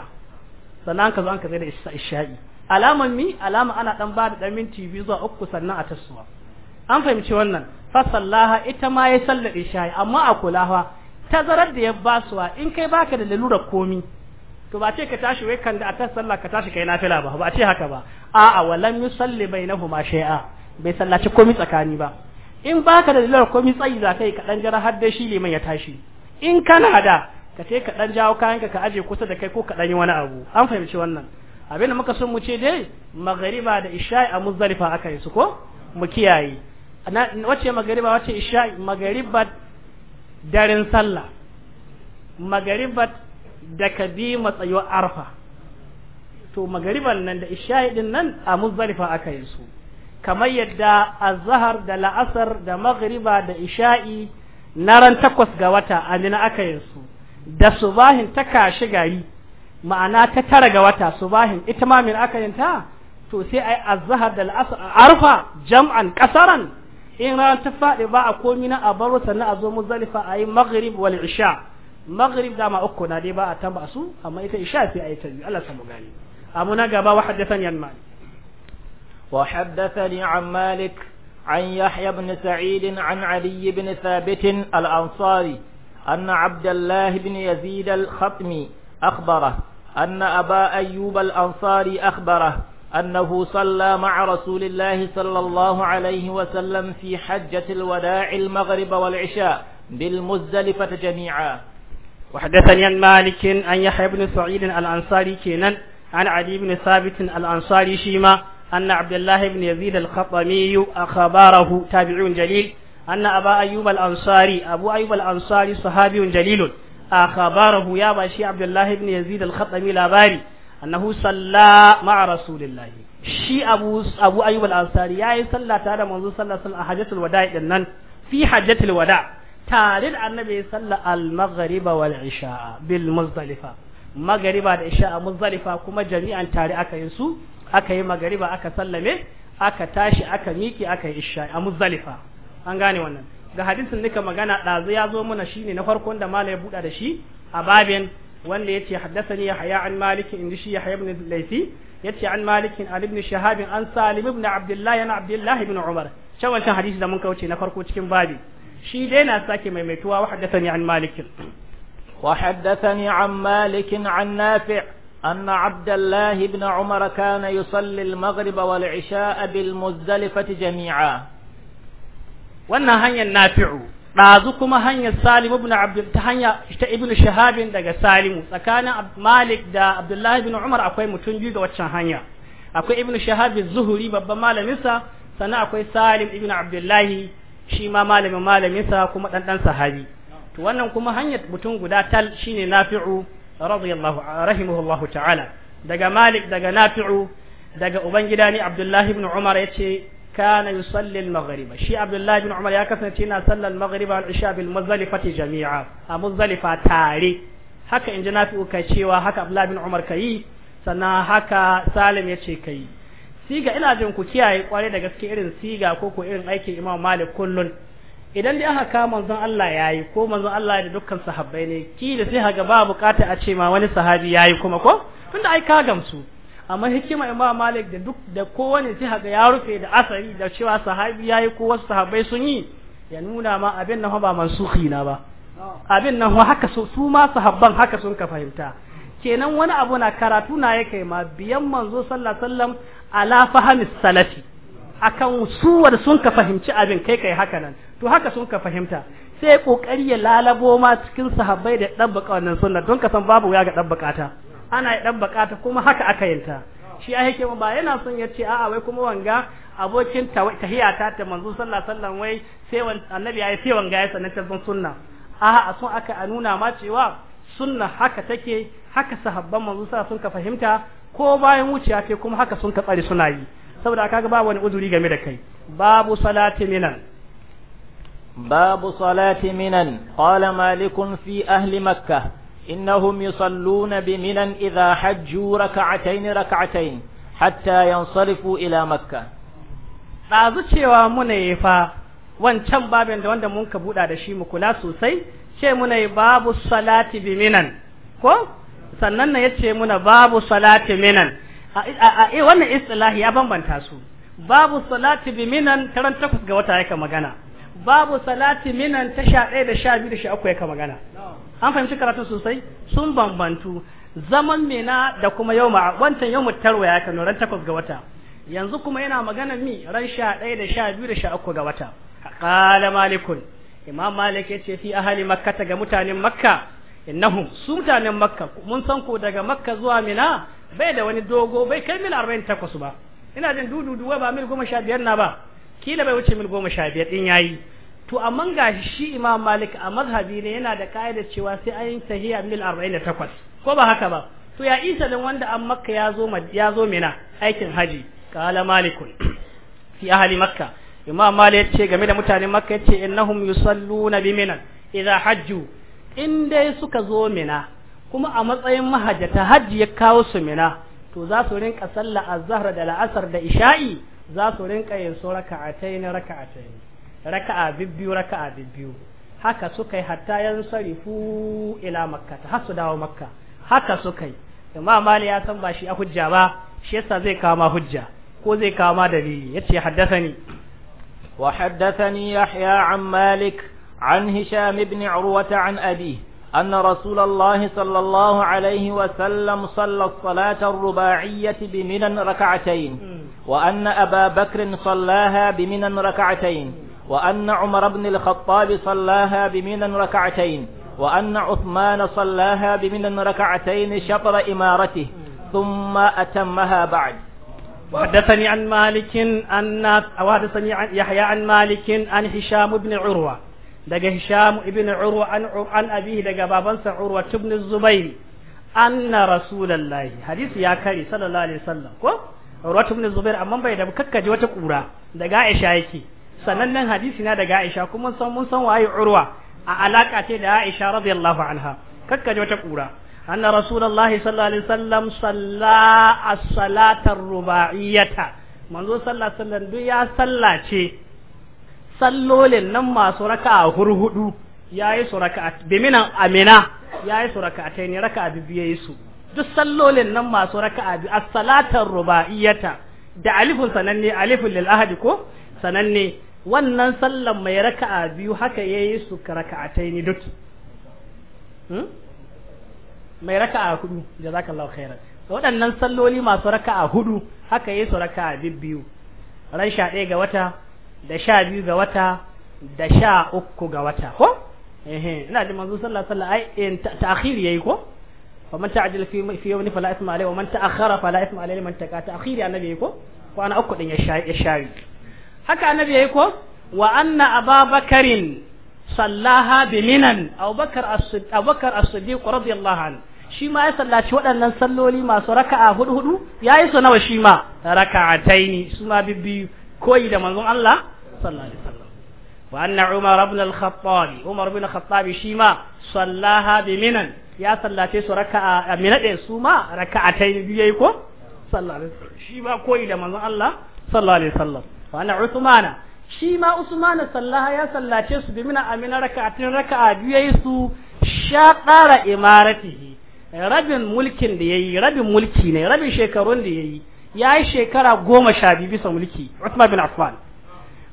sannan ka zo an ka zai da isha'i alaman mi alama ana dan ba da dan minti zuwa uku sannan a tasuwa an fahimci wannan fa ita ma ya sallar isha'i amma a kulawa tazarar da ya basuwa in kai baka da lalura komi to ba ce ka tashi wai kan da a ta sallah ka tashi kai nafila ba ba ce haka ba a'a walam yusalli bainahuma shay'a bai sallaci komi tsakani ba in baka da lalar komi tsayi za ka yi kaɗan jira har da shi liman ya tashi in kana da ka ce ka dan jawo kayanka ka aje kusa da kai ko ka dan yi wani abu an fahimci wannan abin da muka so mu ce dai magariba da isha'i a muzdalifa aka yi su ko mu kiyaye wace magariba wace isha'i magariba darin sallah magariba da kadima tsayo arfa to magariban nan da isha'i din nan a muzdalifa aka yi su kamar yadda azhar da la'asar da magariba da isha'i na ran takwas ga wata a aka yi su da subahin ta kashi gari ma'ana ta tara ga wata subahin ita ma min aka yin ta to sai ai azhar dal arfa jam'an kasaran in ran ta fadi ba a komi na a baro sannan a zo muzalifa ayi maghrib wal isha maghrib da ma uku na dai ba a tamba su amma ita isha sai ayi ta Allah samu gani amma na gaba wa haddathan yan mali wa haddathani an malik عن يحيى بن سعيد عن علي بن ثابت الأنصاري أن عبد الله بن يزيد الخطمي أخبره أن أبا أيوب الأنصاري أخبره أنه صلى مع رسول الله صلى الله عليه وسلم في حجة الوداع المغرب والعشاء بالمزدلفة جميعا وحدثني عن مالك أن يحيى بن سعيد الأنصاري كينا عن علي بن ثابت الأنصاري شيما أن عبد الله بن يزيد الخطمي أخباره تابعون جليل anna aba ayyub ansari abu ayyub al-ansari sahabiyun jalilun akhbarahu ya bashi abdullahi ibn yazid al labari annahu salla ma'a rasulillah shi abu abu ansari yayi sallah tare da manzo sallallahu alaihi hajjatul wada'i nan fi hajjatul wada' tare da annabi sallah al-maghriba isha'a bil muzdalifa magariba da isha'a muzdalifa kuma jami'an tare aka yi su aka magariba aka sallame aka tashi aka miki aka yi isha'a muzdalifa an gane wannan ga hadisin nika magana dazu yazo zo mana shine na farkon da mala ya buda da shi a babin wanda yace haddasani yahya an malik in shi yahya ibn laythi yace an malik an ibn shahab an salim ibn abdullah yana abdullah ibn umar shawal kan hadisi da mun kawo ce na farko cikin babi shi dai na sake maimaituwa wa haddathani an malik wa haddathani an malik an nafi' أن عبد الله بن عمر كان يصلي المغرب والعشاء بالمزدلفة جميعا wannan hanyar nafi'u ɗazu kuma hanyar salim ibn abdul ta hanya ta ibn shahabin daga salimu tsakanin malik da abdullahi ibn umar akwai mutum biyu ga waccan hanya akwai ibn shahabin zuhuri babban malaminsa sannan akwai salim ibn abdullahi shi ma malamin malaminsa kuma ɗanɗan sahabi to wannan kuma hanyar mutum guda tal shine nafi'u radiyallahu rahimahullahu ta'ala daga malik daga nafi'u daga ubangida ne abdullahi ibn umar ya ce. kana sallin al shi abdullahi bin umar ya kasance yana sallar maghrib al isha bil jami'a a muzdalifa tare haka inji nafi'u ka cewa haka abdullahi bin umar kai sannan haka salim ya yace kai siga ina jin ku kiyaye kwarai da gaske irin siga ko ko irin aikin imam malik kullum idan dai haka ka manzon Allah yayi ko manzon Allah da dukkan sahabbai ne ki da sai haga ba bukata a ce ma wani sahabi yayi kuma ko tunda ai ka gamsu amma hikima imam malik da duk da kowane sai ga ya rufe da asari da cewa sahabi yayi ko wasu sahabbai sun yi ya nuna ma abin nan ba mansukhi na ba abin nan haka su ma sahabban haka sun ka fahimta kenan wani abu na karatu na ya kai ma biyan manzo sallallahu alaihi wasallam ala fahamis salafi akan suwar sun ka fahimci abin kai kai haka nan to haka sun ka fahimta sai kokari ya lalabo ma cikin sahabbai da dabbaka wannan sunna don ka san babu ya ga dabbaka ta ana ɗan bukata kuma haka aka yanta shi ya yake ba yana son ya ce a'a wai kuma wanga abokin tahiyata ta manzo sallallahu alaihi wasallam wai sai annabi ya sai wanga ya sanar da sunna a'a a son aka a nuna ma cewa sunna haka take haka sahabban manzo sa sun ka fahimta ko bayan wuciya ce kuma haka sun ka tsare suna yi saboda kaga babu wani uzuri game da kai babu salati minan babu salati minan قال مالك في ahli مكة إنهم يصلون بمنا إذا حجوا ركعتين ركعتين حتى ينصرفوا إلى مكة ɗazu cewa muna yi fa wancan babin da wanda mun ka buɗa da shi mu kula sosai ce muna yi babu salati bi minan ko sannan na yace muna babu salati minan a eh, wannan istilahi ya bambanta su babu salati bi minan taran takwas ga wata yaka magana babu salati minan ta sha ɗaya da sha biyu da sha uku yaka magana an fahimci karatu sosai sun bambantu zaman mena da kuma yau ma wancan yau mutarwa ya kano ran takwas ga wata yanzu kuma yana magana mi ran sha ɗaya da sha biyu da sha uku ga wata qala malikun imam malik yace fi ahli makka ga mutanen makka innahum su mutanen makka mun san ko daga makka zuwa mina bai da wani dogo bai kai mil 48 ba ina jin dududuwa ba mil 15 na ba kila bai wuce mil 15 din yayi to amma ga shi imam malik a mazhabi ne yana da ka'ida cewa sai an yi tahiyya mil 48 ko ba haka ba to ya isa dan wanda an makka ya zo ya zo mina aikin haji kala malikun fi ahli makka imam malik ce game da mutanen makka yace innahum yusalluna bi mina idha hajju in dai suka zo mina kuma a matsayin mahajjata hajji ya kawo su mina to za su rinka sallah azhar da la'asar da isha'i za su rinka yin su raka'atayn raka'atayn raka'a bibbiyu raka'a bibbiyu haka suka yi hatta yan sarifu ila makka har su dawo makka haka suka yi amma mali ya san ba shi a hujja ba shi yasa zai kama hujja ko zai kama dalili yace haddathani wa haddathani yahya an malik an hisham ibn urwata an abi أن رسول الله صلى الله عليه وسلم صلى الصلاة الرباعية بمنى ركعتين وأن أبا بكر صلاها بمنى ركعتين وأن عمر بن الخطاب صلاها بمنى ركعتين وأن عثمان صلاها بمنى ركعتين شطر إمارته ثم أتمها بعد وحدثني عن مالك أن وحدثني عن يحيى عن مالك عن هشام بن عروة دقى هشام بن عروة عن عن أبيه دقى بابا عروة بن الزبير أن رسول الله حديث يا كري صلى الله عليه وسلم عروة بن الزبير أمام بيد بكك جوة قورا دقى عائشة sanannen hadisi na daga Aisha kuma san mun san waye Urwa a alaka ce da Aisha radiyallahu anha kakka ji wata kura anna rasulullahi sallallahu alaihi wasallam salla as-salata rubaiyata manzo sallallahu alaihi wasallam duk ya sallace sallolin nan masu raka'a hurhudu yayi su raka'a biminan amina yayi su raka'atai ne raka'a biyu yayi su duk sallolin nan masu raka'a bi as-salata rubaiyata da alifun sananne alifun lil ahadi ko sananne wannan sallan mai raka'a biyu haka ya yayi su raka'atai ne duk hmm? mai raka'a hudu jazakallahu khairan waɗannan salloli masu raka'a hudu haka yayi su raka'a biyu ran sha ɗaya ga wata da sha biyu ga wata da sha uku ga wata ko ehe ina ji manzo sallallahu alaihi wasallam ai in eh, ta'khir yayi ko faman ta'jil fi fi yawmin fala isma alayhi wa man ta'akhkhara fala isma alayhi man taqa ta'khir annabi ko ko ana uku din ya sha ya shari haka annabi yayi ko wa anna ababakarin sallaha bi minan abubakar as-siddiq abubakar as-siddiq radiyallahu shi ma ya sallaci waɗannan salloli masu raka'a hudu hudu yayi so nawa shi ma raka'ataini su ma bibbi koyi da manzon Allah sallallahu alaihi wasallam wa anna umar ibn al-khattab umar ibn al-khattab shi ma sallaha bi minan ya sallace su raka'a su ma raka'ataini biyu yayi ko sallallahu alaihi wasallam shi ma koyi da manzon Allah sallallahu alaihi wasallam Wani usmana shi ma usmana sallaha ya sallace su bi mina amina raka'atin raka'a biyu yayi su sha qara imaratihi rabin mulkin da yayi rabin mulki ne rabin shekarun da yayi yayi shekara goma sha biyu bisa mulki Usman bin Affan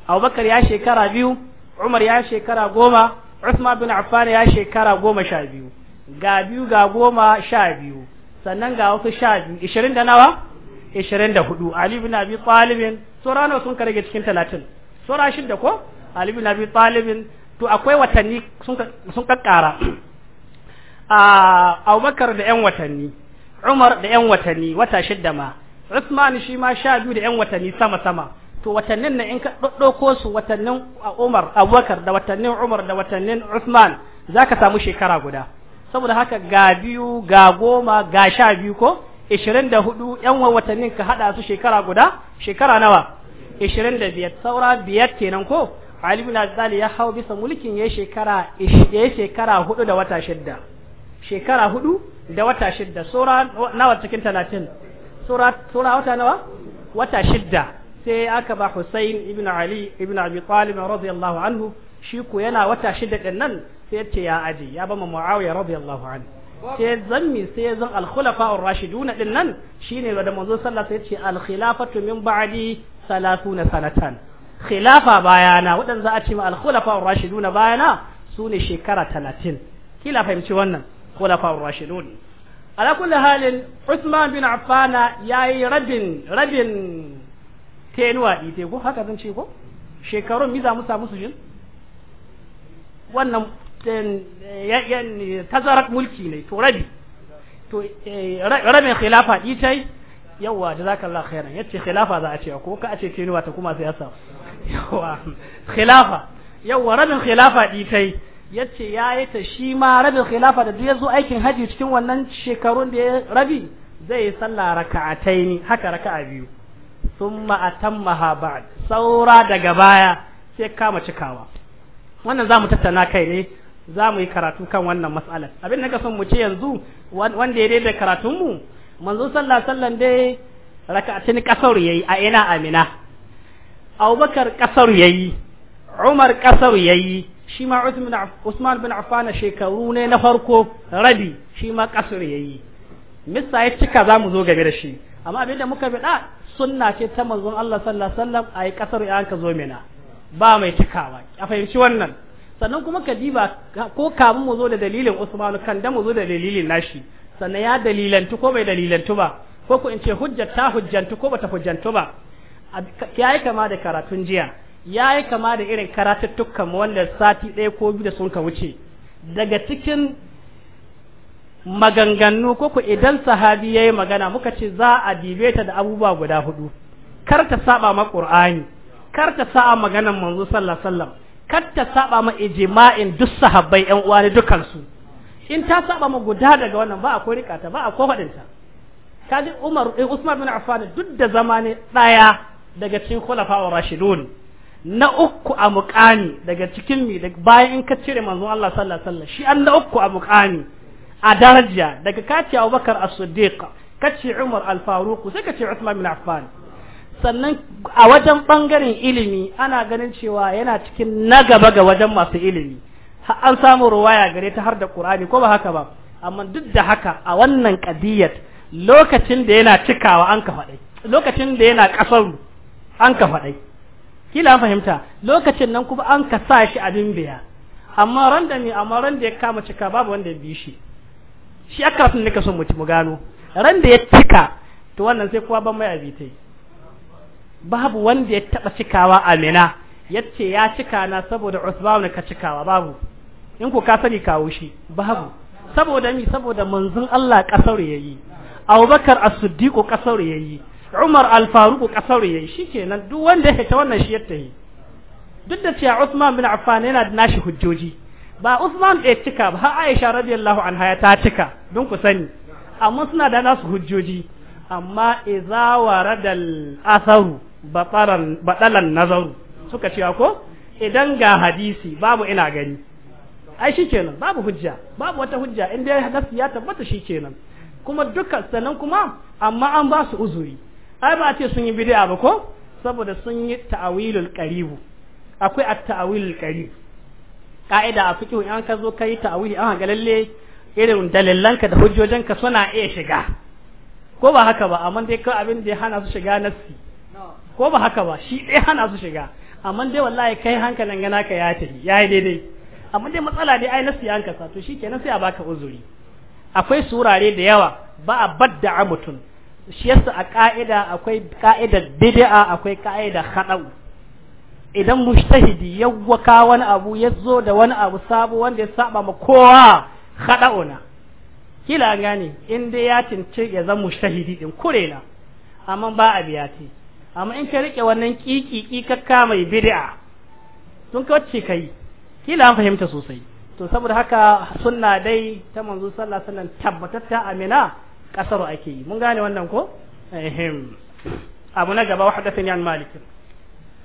Abubakar ya shekara biyu Umar ya shekara goma Usman bin Affan ya shekara goma sha biyu ga biyu ga goma sha biyu sannan ga wasu sha biyu ishirin da nawa 24 Ali bin Abi Talib sura nawa sun karage rage cikin 30 sura shidda ko Ali bin Abi Talib to akwai watanni sun sun kakkara a ah, Abubakar da yan watanni Umar da yan watanni wata shidda ma Usman shi ma sha biyu da yan watanni sama sama to watannin nan in ka ɗauko su watannin Umar Abubakar da watannin Umar da watannin Usman zaka samu shekara guda saboda haka ga biyu ga goma ga sha biyu ko hudu yan watannin ka hada su shekara guda shekara nawa ishirin da biyar saura biyar kenan ko Ali bin Abi ya hau bisa mulkin ya shekara yayi shekara hudu da wata shidda shekara hudu da wata shidda saura nawa cikin talatin saura saura wata nawa wata shidda sai aka ba Hussein ibn Ali ibn Abi Talib radiyallahu anhu shi ku yana wata shidda din nan sai ya ce ya aji ya ba Muawiya radiyallahu anhu sai zammi sai zan al-khulafa rashiduna din nan shine da manzo sallallahu alaihi wasallam yace al-khilafatu min ba'di 30 sanatan khilafa bayana wadan za a ce al-khulafa ar-rashiduna bayana sune shekara 30 kila fahimci wannan khulafa rashidun ala kulli halin usman bin Affan yayi rabin rabin tenuwa ko haka zan ce ko shekarun mu samu su jin wannan Eh, tazarar mulki ne to rabi to eh, rabin khilafa itai yawa jazakallahu khairan yace khilafa za a ce ko ka a ce kenuwa ta kuma yasa yawa khilafa yawa rabin khilafa itai yace yayi ta shi ma rabin khilafa da duk yazo aikin haji cikin wannan shekarun da ya rabi zai sallah raka'ataini haka raka'a biyu thumma atammaha ba'd saura daga baya sai kama cikawa wannan zamu tattauna kai ne za mu yi karatu kan wannan mas'alar abin da ka son mu ce yanzu wanda ya daidai karatun mu manzo sallallahu sallan dai raka'atin kasar yayi a ina amina abubakar kasar yayi umar kasar yayi shi ma usman bin Afana shekaru ne na farko rabi shi ma kasar yayi missa ya cika za mu zo game da shi amma abin da muka faɗa sunna ce ta manzon Allah sallallahu alaihi wasallam a kasar ya ka zo mina ba mai cikawa a fahimci wannan sannan kuma kadiba ko kamun mu zo da dalilin usmanu kan da mu zo da dalilin nashi sannan ya dalilantu ko bai dalilantu ba ko ku in ce hujjar ta hujjantu ko bata hujjantu ba yayi kama da karatun jiya yayi kama da irin karatuttukan wanda sati ɗaya ko biyu da sun ka wuce daga cikin maganganu ko ku idan sahabi yi magana muka ce za a dibe ta da abubuwa guda hudu kar ta saba ma qur'ani kar ta sa'a maganan manzo sallallahu alaihi wasallam kar ta saba ma ijma'in duk sahabbai yan uwa ne dukansu in ta saba ma guda daga wannan ba a ko rika ta ba a ko haɗinta kaji Umar eh, Usman bin Affan duk da zamani ɗaya daga cikin khulafa rashidun na uku a muqani daga cikin mi daga bayan in ka cire manzon Allah sallallahu alaihi wasallam shi an na uku a muqani a daraja daga kaci Abubakar As-Siddiq kaci Umar Al-Faruq sai kaci Usman bin Affan sannan a wajen bangaren ilimi ana ganin cewa yana cikin na gaba ga wajen masu ilimi an samu ruwaya gare ta har da Qur'ani ko ba haka ba amma duk da haka a wannan qadiyat lokacin da yana cikawa an ka faɗai lokacin da yana ƙasar an ka faɗai kila an fahimta lokacin nan kuma an ka sa shi abin biya amma ran da ne amma ran da ya kama cika babu wanda ya bi shi shi aka rafin nika son mu gano ran da ya cika to wannan sai kowa ban mai abitai babu wanda ya taba cikawa amina yace ya cika na saboda usman ka cikawa babu in ko ka sani kawo shi babu saboda mi saboda manzon Allah kasar yayi Abubakar As-Siddiq kasar yayi Umar Al-Faruq kasar yayi shikenan duk wanda ya ta wannan shi yatta yi duk da cewa Uthman bin Affan yana da nashi hujjoji ba Uthman da cika ba har Aisha radiyallahu anha ta cika don ku sani amma suna da nasu hujjoji amma idza waradal asaru batalan nazaru suka cewa ko idan ga hadisi babu ina gani ai shi kenan babu hujja babu wata hujja in dai hadisi ya tabbata shi kenan kuma duka sannan kuma amma an ba su uzuri ai ba ce sun yi bid'a ba ko saboda sun yi ta'wilul qarib akwai at tawilul qarib ka'ida a fiqh in ka zo kai ta'awili an ga lalle irin dalilanka da hujjojinka suna iya shiga ko ba haka ba amma dai kai abin da ya hana su shiga nassi ko ba haka ba shi ɗaya hana su shiga amma dai wallahi kai hankalin gana ka ya tafi ya yi daidai amma dai matsala dai ai na siya ka sa to kenan sai a baka uzuri akwai surare da yawa ba a badda a mutum shi yasa a ka'ida akwai ka'ida bid'a akwai ka'ida khada'u idan mujtahidi ya waka wani abu ya zo da wani abu sabo wanda ya saba ma kowa khada'una kila gane in dai ya tince ya zama mujtahidi din kurena amma ba a biya amma in ka rike wannan kiki kikakka mai bid'a sun ka wacce kai kila an fahimta sosai to saboda haka sunna dai ta manzo sallallahu alaihi wasallam tabbatatta amina kasaru ake yi mun gane wannan ko ehem abu na gaba wahdathani an malik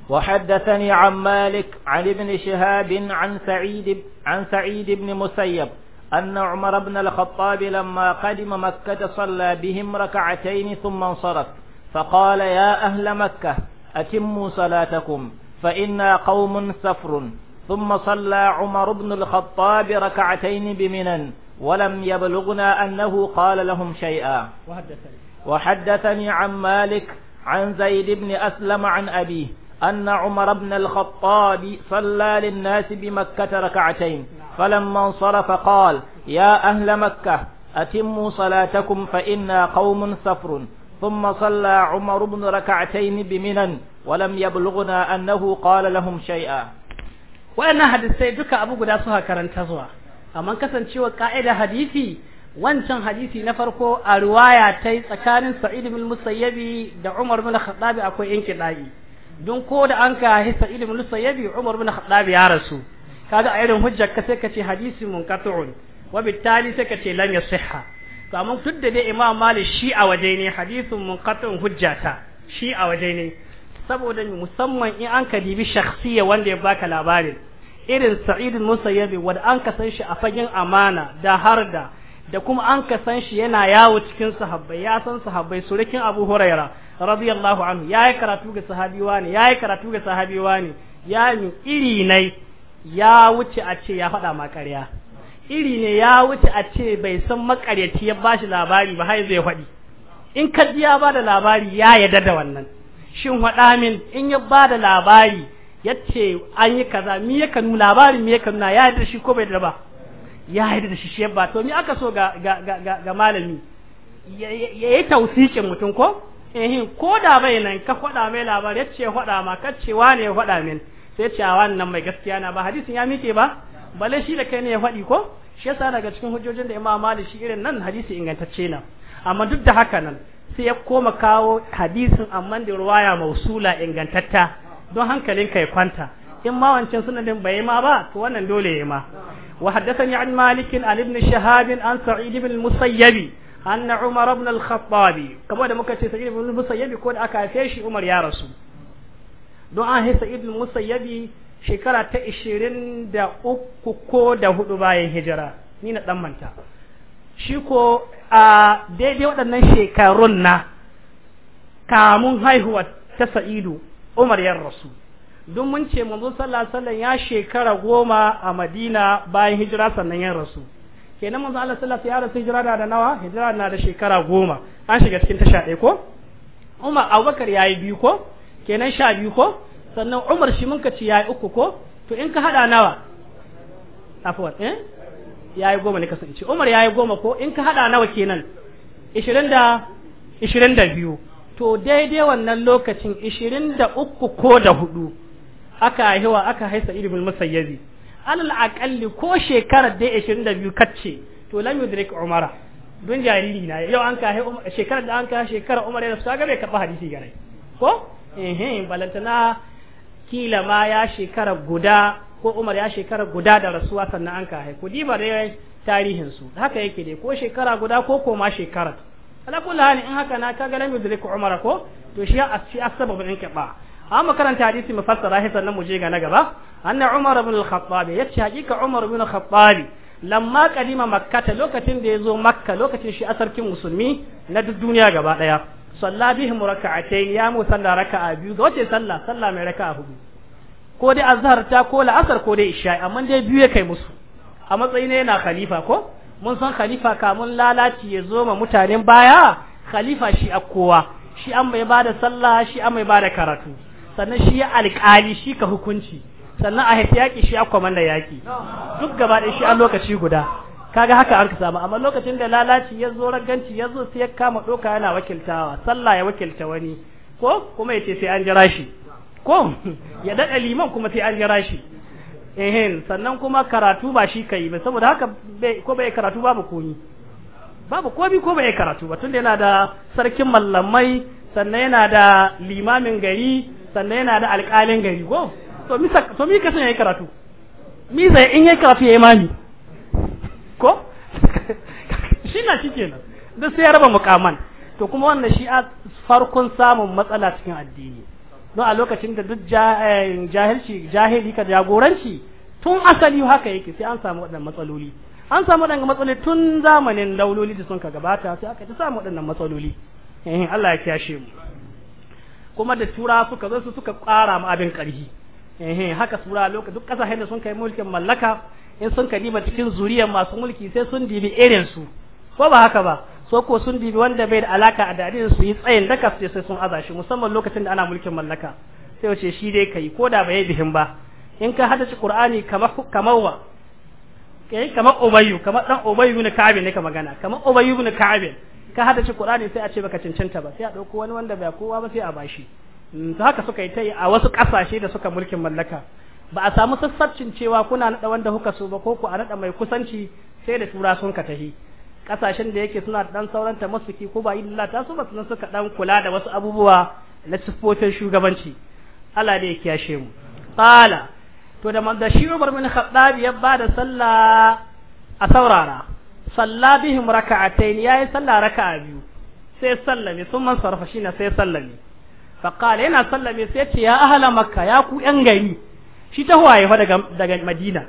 وحدثني عن مالك عن ابن شهاب عن سعيد عن سعيد بن مسيب أن عمر بن الخطاب لما قدم مكة صلى بهم ركعتين ثم انصرف فقال يا أهل مكة أتموا صلاتكم فإنا قوم سفر ثم صلى عمر بن الخطاب ركعتين بمنا ولم يبلغنا أنه قال لهم شيئا وحدثني, وحدثني عن مالك عن زيد بن أسلم عن أبيه أن عمر بن الخطاب صلى للناس بمكة ركعتين نعم. فلما انصرف قال يا أهل مكة أتموا صلاتكم فإنا قوم سفر ثم صلى عمر بن ركعتين بمنن ولم يبلغنا أنه قال لهم شيئا وأن حدثي دك أبو قداسها كرن تزوى أما كسن شوى قائد حديثي wancan hadisi na farko a ruwaya tsakanin sa'id bin musayyabi da umar bin khattabi akwai yankin da'i don ko da an ka hi sa'id bin musayyabi umar bin khattabi ya rasu kaga a irin hujjar ka sai ka ce hadisi wa bittali sai ka ce lam to amma duk da dai imam malik shi a waje ne hadisin munqatin hujjata shi a waje ne saboda musamman in an ka dibi shakhsiya wanda ya baka labarin irin sa'id musayyabi wanda an ka san shi a fagen amana da harda da kuma an ka san shi yana yawo cikin sahabbai ya san sahabbai surikin abu huraira radiyallahu anhu ya yi karatu ga sahabiwa ne ya yi karatu ga sahabiwa ne ya yi iri nai ya wuce a ce ya faɗa ma ƙarya iri ne ya wuce a ce bai san makaryaci ya bashi labari ba har zai faɗi in ka ji ya bada labari ya yarda da wannan shin faɗa min in ya bada labari yace an yi kaza mi ya kanu labarin mi ya kanu ya yarda shi ko bai da ba ya yarda da shi shi ba to mi aka so ga ga ga, ga malami ya yi tausikin mutum ko eh ko da bai nan ka faɗa mai labari yace faɗa ma wa wane ya faɗa min sai ce a wannan mai gaskiya na ba hadisin ya mike ba bale shi da kai ne ya faɗi ko shi yasa daga cikin hujjojin da Imam Malik shi irin nan hadisi ingantacce nan amma duk da haka nan sai ya koma kawo hadisin amma da ruwaya mausula ingantatta don hankalin kai kwanta in ma wancan sunanin bai yi ma ba to wannan dole ya ma wa haddathani an Malik an ibn Shahab an Sa'id ibn Musayyib Umar ibn al-khattab kamar da muka ce Sa'id ibn Musayyib ko da aka haife shi Umar ya rasu don an haife Sa'id ibn Musayyib shekara ta ishirin da uku ko da hudu bayan hijira ni na dan manta shi ko a daidai waɗannan shekarun na kamun haihuwa ta sa'idu umar yan rasu don mun ce manzo sallallahu alaihi ya shekara goma a madina bayan hijira sannan yan rasu kenan manzo Allah sallallahu alaihi wasallam hijira na da nawa hijira na da shekara goma an shiga cikin tasha ɗaya ko Umar Abubakar yayi biyu ko kenan sha biyu ko sannan Umar shi mun ka ci yayi uku ko to in ka hada nawa afwan eh yayi goma ne ka sanci Umar yayi goma ko in ka hada nawa kenan 20 da 22 to daidai wannan lokacin 23 ko da hudu aka haihuwa aka haisa ibn musayyabi alal aqalli ko shekarar da 22 kacce to lam yudrik umara dun jariri na yau an kai shekarar da an kai shekarar umar ya rasu ga bai karba hadisi gare ko eh eh balantana kila ma ya shekara guda ko Umar ya shekara guda da rasuwa sannan an ka ku diba da yawan tarihinsu haka yake dai ko shekara guda ko koma shekara ala kullu hali in haka na ka kaga lam yudriku Umar ko to shi shi asbabun in kiba amma karanta hadisi mufassara shi sannan mu je ga na gaba anna Umar ibn al-Khattab yace hakika Umar ibn al-Khattab lamma kadima makkata lokacin da ya zo makka lokacin shi a sarkin musulmi na duk duniya gaba daya salla bihim raka'atai ya mu salla raka'a biyu ga wace salla salla mai raka'a hudu ko dai azhar ta ko la'asar ko dai isha amma dai biyu ya kai musu a matsayin yana khalifa ko mun san khalifa kamun lalaci ya zo ma mutanen baya khalifa shi a kowa shi an mai bada salla shi an mai bada karatu sannan shi alƙali shi ka hukunci sannan a yaƙi shi a kwamanda yaƙi duk gaba ɗaya shi a lokaci guda kaga haka an samu amma lokacin da lalaci ya zo raganci ya zo sai ya kama doka yana wakiltawa sallah ya wakilta wani ko kuma yace sai an jira shi ko ya daɗa liman kuma sai an jira shi ehin sannan kuma karatu ba shi kai ba saboda haka ko bai karatu babu komi babu komi ko bai karatu ba tunda yana da sarkin mallamai sannan yana da limamin gari sannan yana da alƙalin gari ko to mi to mi kasan yayi karatu mi zai in yayi karatu yayi mami ko shi na shi kenan duk sai ya raba mukaman to kuma wannan shi a farkon samun matsala cikin addini don a lokacin da duk eh, jahilci jahili ka jagoranci tun asali haka yake sai an samu waɗannan matsaloli an samu waɗannan matsaloli tun zamanin lauloli da sun ka gabata sai aka ta samu waɗannan matsaloli eh Allah ya kiyashe mu kuma da tura suka zo su suka ƙara mu abin ƙarfi eh haka sura lokacin duk ƙasashen da sun kai mulkin mallaka in sun kalima cikin zuriyar masu mulki sai sun dibi irin su ko ba haka ba so ko sun dibi wanda bai da alaka a dadin su yi tsayin daka sai sai sun aza shi musamman lokacin da ana mulkin mallaka sai wace shi dai kai ko da bai bihin ba in ka hada shi qur'ani kamar kamar wa kai eh, kamar ubayyu kamar dan ubayyu ne ka'ab ne ka magana kamar ubayyu ne ka'ab ka hada shi qur'ani sai a ce baka cancanta ba sai a dauko wani wanda bai kowa ba sai a bashi mm, to haka suka yi ta a wasu kasashe da suka mulkin mallaka ba a samu sassabcin cewa kuna naɗa wanda kuka so ba ko ku a naɗa mai kusanci sai da tura sun ka tahi kasashen da yake suna dan sauran masuki ko ba illa ta su ba sunan suka dan kula da wasu abubuwa na siffofin shugabanci Allah da ya yashe mu qala to da manzo shi Umar bin Khattab ya bada sallah a saurara salla bihim raka'atayn yayi sallah raka'a biyu sai sallame sun man sarfa shine sai sallame fa qala yana sallame sai ce ya ahla makka ya ku yan gari shi ta huwaye fa daga daga Madina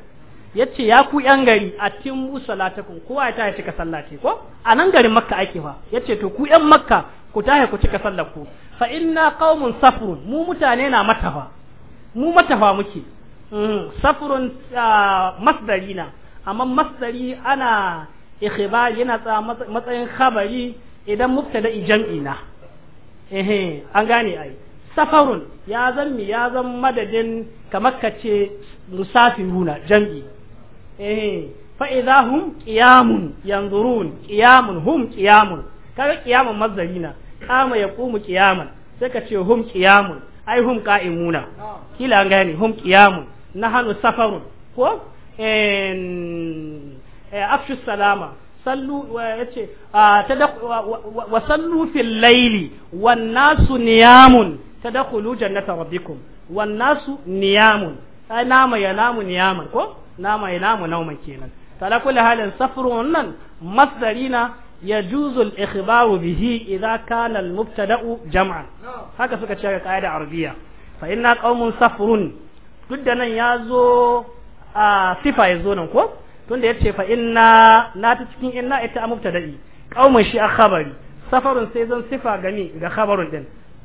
yace ya ku yan gari a timmu salatakum kowa ya tashi cika sallah ko a nan garin Makka ake fa yace to ku yan Makka ku tashi ku cika sallar ku fa inna qaumun safrun mu mutane na matafa mu matafa muke mm-hmm. safrun ah, masdarina amma masdari ana ikhbar yana tsaya matsayin khabari idan mubtada jam'ina na an gane ai safarun ya zan mi ya zan madadin kamar ka ce musafiruna jam'i eh fa idza hum qiyamun yanzurun qiyamun hum qiyamun kaga qiyamun mazdarina kama yaqumu qiyaman sai ka ce hum qiyamun ai hum qa'imuna kila an gane hum qiyamun nahanu safarun ko en eh, afshu salama sallu yace ah, wa sallu fil laili wan nasu niyamun tadkhulu jannata rabbikum wan nasu niyamun ai nama ya namu niyaman ko nama ya namu nauman kenan tala kullu halin safru wannan masdarina yajuzu al-ikhbaru bihi idza kana al-mubtada'u jam'an haka suka ce ga qaida arabiya fa inna qaumun safrun duk da nan yazo a sifa yazo nan ko tunda yace fa inna na ta cikin inna ita mubtada'i qaumun shi a khabari safarun sai zan sifa gani ga khabarun din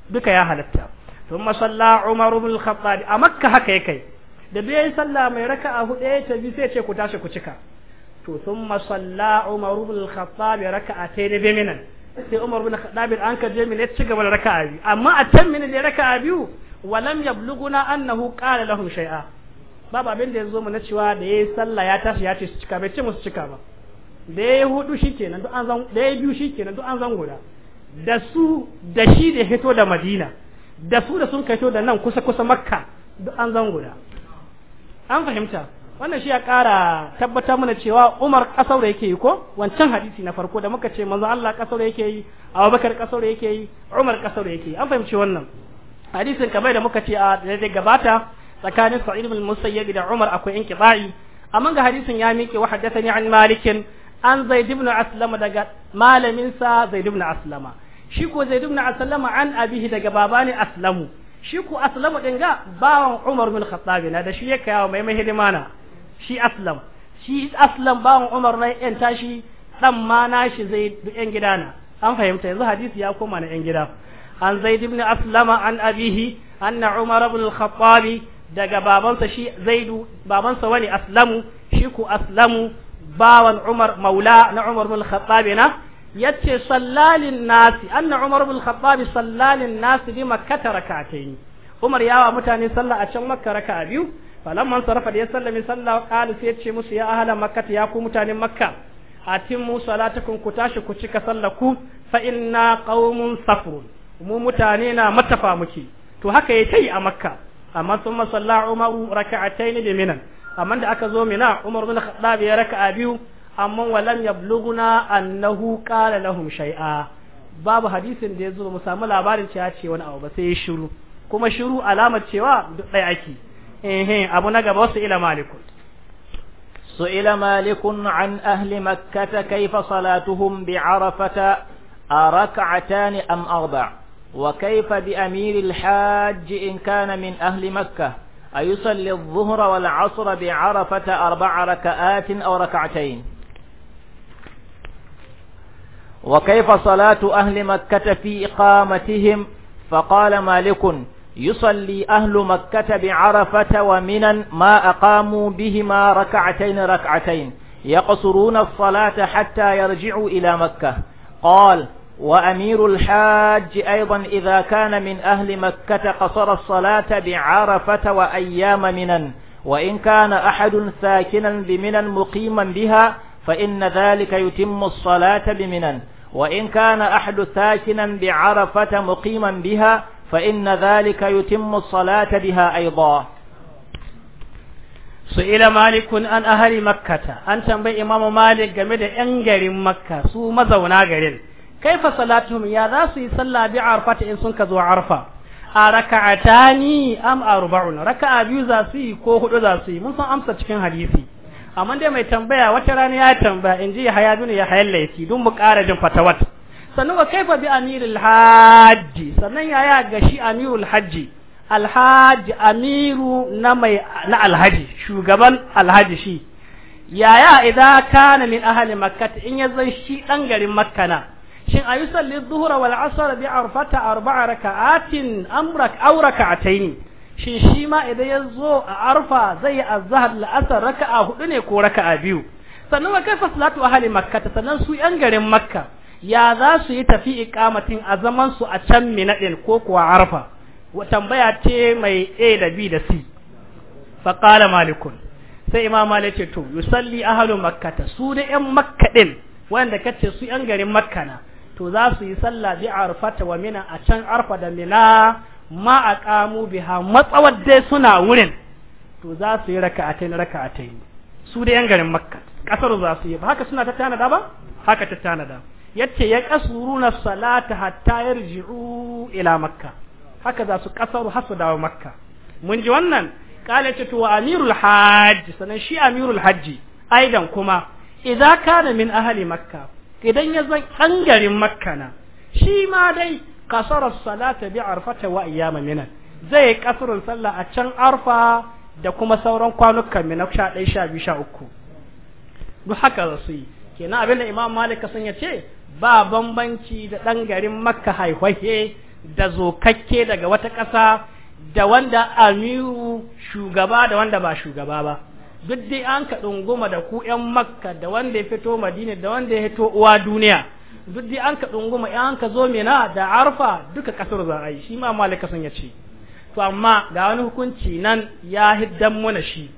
duka ya halatta thumma masalla umar ibn al-khattab a makka haka yake da bai yi salla mai raka'a hudu ya tabi sai ce ku tashi ku cika to thumma salla umar ibn al-khattab raka'atayn bi minan sai umar ibn al-khattab an ka je min ya ci gaba da raka'a biyu amma a can min da raka'a biyu walam yablughuna annahu qala lahum shay'a babu abin da yazo mu na cewa da yayi salla ya tashi ya ce su cika bai ce musu cika ba da yayi hudu shikenan duk an zan da yayi biyu shikenan duk an zan guda da su da shi da hito da madina da su da sun kaito da nan kusa kusa makka duk an zan guda an fahimta wannan shi ya kara tabbata mana cewa umar kasar yake yi ko wancan hadisi na farko da muka ce manzo Allah kasaura yake yi abubakar kasar yake yi umar kasaura yake yi an fahimci wannan hadisin kamar da muka ce a daidai gabata tsakanin sa'id bin musayyib da umar akwai inqibai amma ga hadisin ya miƙe wa haddathani an malikin an zaid ibn aslama daga malamin sa zaid ibn aslama shi ko zaid ibn aslama an abihi daga babani aslamu shi ko aslamu din ga bawan umar bin khattab na da shi ya kai mai mahidima na shi aslam shi aslam bawan umar na yan tashi dan ma shi zaid yan gida na an fahimta yanzu hadisi ya koma na yan gida an zaid ibn aslama an abihi anna umar bin khattab daga babansa shi zaidu babansa wani aslamu shi ko aslamu bawan umar maula na umar bin khattab na yace sallalin nasi anna umar ibn khattab sallalin nasi bi makkah rak'atayn umar yawa mutane sallah a can makka raka biyu falamman sarafa da ya sallami sallah qala sai yace musu ya ahla makkah ya ku mutanen makka atimmu salatakum ku tashi ku cika sallaku fa inna qaumun safrun mu mutane na matafa muke to haka ya tayi a makka amma sun masalla umar raka'atayn bi amma da aka zo mina umar bin khattab ya raka'a biyu amma walam yabluguna annahu qala lahum shay'a babu hadisin da yazo mu samu labarin cewa ce wani abu ba shiru kuma shiru alamar cewa duk dai ake abu na gaba wasu ila malikun su ila malikun an ahli makkah kaifa salatuhum bi arafata a rak'atan am arba wa kaifa bi amiril al in kana min ahli makkah a adh-dhuhra wal 'asra bi 'arafata arba'a raka'atin aw raka'atayn وكيف صلاة أهل مكة في إقامتهم فقال مالك يصلي أهل مكة بعرفة ومنا ما أقاموا بهما ركعتين ركعتين يقصرون الصلاة حتى يرجعوا إلى مكة قال وأمير الحاج أيضا إذا كان من أهل مكة قصر الصلاة بعرفة وأيام منا وإن كان أحد ساكنا بمنا مقيما بها فإن ذلك يتم الصلاة بمنا وإن كان أحد ساكنا بعرفة مقيما بها فإن ذلك يتم الصلاة بها أيضا سئل مالك عن أهل مكة أن تنبي إمام مالك جمد أنجر مكة سو مزونا غرين كيف صلاتهم يا ذاسي صلى بعرفة إن سنك ذو عرفة أركعتان أم أربعون ركع بيو ذاسي كوه ذاسي من أمسى تكين حديثي amma dai mai tambaya wata rana ya tambaya in ji ya haya duni ya hayar laifi don mu ƙara jin fatawat sannan wa kaifa bi amirul hajji sannan yaya ga shi amirul hajji alhaji amiru na mai na alhaji shugaban alhaji shi yaya idan kana min ahli makkah in ya zan shi dan garin makka na shin ayusalli dhuhra wal asr bi arfata arba'a raka'atin amrak aw raka'ataini shin shi ma idan ya zo a arfa zai yi azahar la'asar raka'a hudu ne ko raka'a biyu sannan wa kaifa a ahli makka sannan su yan garin makka ya za su yi tafi ikamatin a zaman su a can mina ɗin ko kuwa arfa wa tambaya ce mai a da b da c fa qala malikun sai imam malik ce to yusalli ahli makka su da yan makka din wanda kace su yan garin makka na to za su yi sallah bi arfata wa mina a can arfa da mina ma a ƙamu biha matsawar dai suna wurin to za su yi ta yi su da yan garin makka kasar za su yi ba haka suna ta da ba haka ta da yace ya na salata hatta yarji'u ila makka haka za su kasaru hasu su dawo makka mun ji wannan kala ce to amirul hajj sanan shi amirul hajji aidan kuma idza kana min ahli makka idan ya zan garin makka na shi ma dai kasara salata bi arfata wa ayyama minan zai kasarun sallah a can arfa da kuma sauran kwanukan mina sha ɗaya sha biyu sha uku duk haka za su yi kenan abin da imam malik kasan ya ce ba bambanci da ɗan garin makka haihwahe da zokakke daga wata ƙasa da wanda amiru shugaba da wanda ba shugaba ba duk dai an ka ɗunguma da ku ƴan makka da wanda ya fito madina da wanda ya fito uwa duniya duk dai an ka dunguma in an ka zo mina da arfa duka kasar za a yi shi ma malika sun ya ce to amma ga wani hukunci nan ya hiddan muna shi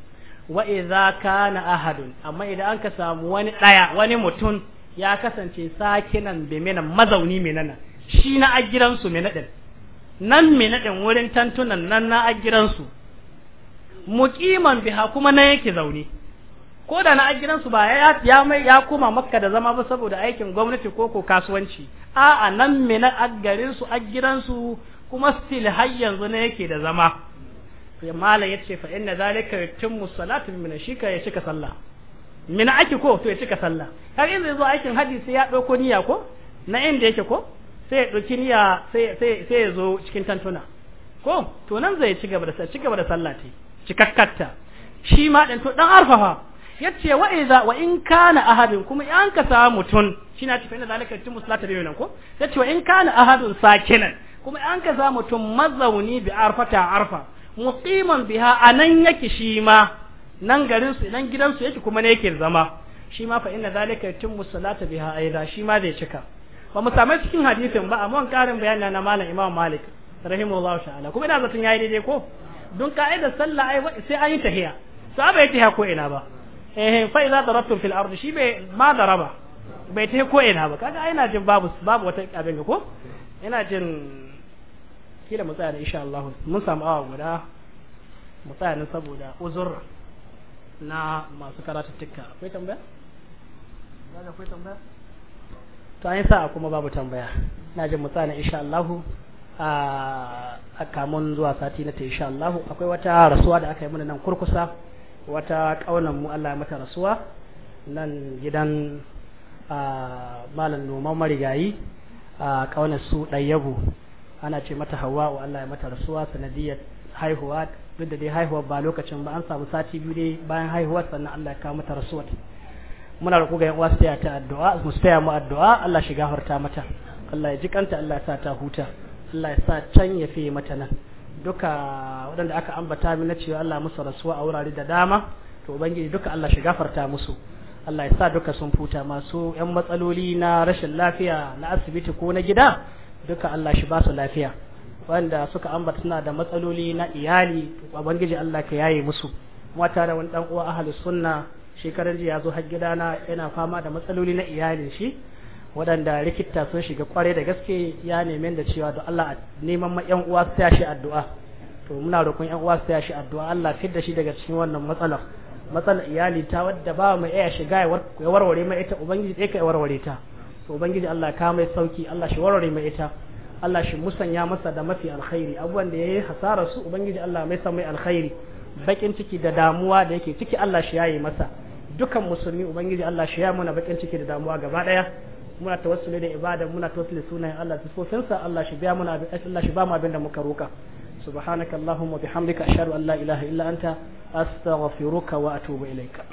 wa idza kana ahadun amma idan an ka samu wani daya wani mutum ya kasance sakinan be mina mazauni nan shi na a gidansu mina din nan mina din wurin tantunan nan na a su muqiman biha kuma na yake zaune ko da na a gidansu ba ya ya mai ya koma makka da zama ba saboda aikin gwamnati ko ko kasuwanci a'a nan me na a garin su a gidansu kuma still har yanzu ne yake da zama ya mala yace fa inna zalika yutimmu salatu min shika ya cika sallah min ake ko to ya cika sallah har in zai zo aikin haji sai ya dauko niyya ko na inda yake ko sai ya dauki niyya sai sai sai ya zo cikin tantuna ko to nan zai ci gaba da ci gaba da sallah ce cikakkatta shi ma dan to dan arfafa yace wa iza wa in kana ahadun kuma in ka samu mutun shine a cikin zalika yatim muslata bayyana ko yace wa in kana ahadun sakinan kuma in ka samu mutun mazauni bi arfata arfa muqiman biha anan yake shi ma nan garin su nan gidan su yake kuma ne yake zama shi ma fa inna zalika yatim muslata biha aida shi ma zai cika ba mu samu cikin hadisin ba amma karin bayani na malam imam malik rahimahullahu ta'ala kuma ina zaton yayi daidai ko don ka'idar sallah ai sai an yi tahiya sahaba ya tahiya ko ina ba eh fa iza darabtum fil ardi shi bai ma daraba bai ta ko ina ba kaga ina jin babu babu wata abin ko ina jin kila mu tsaya insha Allah mun samu awa guda mu tsaya ne saboda uzur na masu tikka akwai tambaya kaga akwai tambaya to an sa kuma babu tambaya ina jin mu tsaya insha Allah a kamun zuwa sati na ta insha Allah akwai wata rasuwa da aka yi mana nan kurkusa wata ƙaunar mu Allah ya mata rasuwa nan gidan malam noman marigayi a ƙaunar su ɗayyabu ana ce mata hawa wa Allah ya mata rasuwa sanadiyar haihuwa duk da dai haihuwa ba lokacin ba an samu sati biyu dai bayan haihuwa sannan Allah ya kawo mata rasuwa muna roƙo ga yan uwa su taya ta addu'a mu taya mu addu'a Allah shi gafarta mata Allah ya ji kanta Allah ya sa ta huta Allah ya sa can ya fiye mata nan duka waɗanda aka ambata min na cewa Allah musu rasuwa a wurare da dama to ubangiji duka Allah shi gafarta musu Allah ya sa duka sun futa masu yan matsaloli na rashin lafiya na asibiti ko na gida duka Allah shi ba su lafiya wanda suka ambata suna da matsaloli na iyali ubangiji Allah ka yaye musu mata da wani ɗan uwa ahlus sunna shekaran jiya zo har na yana fama da matsaloli na iyalin shi waɗanda rikita sun shiga kwarai da gaske ya nemi da cewa da Allah neman ma ƴan uwa su shi addu'a to muna roƙon ƴan uwa su shi addu'a Allah fit da shi daga cikin wannan matsalar matsalar iyali ta wadda ba mai iya shiga ya warware mai ita ubangiji sai ka warware ta to ubangiji Allah ka mai sauki Allah shi warware mai ita Allah shi musanya masa da mafi alkhairi abubuwan da yayi hasara su ubangiji Allah mai san mai alkhairi bakin ciki da damuwa da yake ciki Allah shi yayi masa dukan musulmi ubangiji Allah shi ya muna bakin ciki da damuwa gaba daya muna tawassuli da ibada muna tawassuli sunayen Allah da sa Allah shi biya muna Allah shi ba mu abin da muka roka subhanakallahumma bihamdika ashhadu an la ilaha illa anta astaghfiruka wa atubu ilaika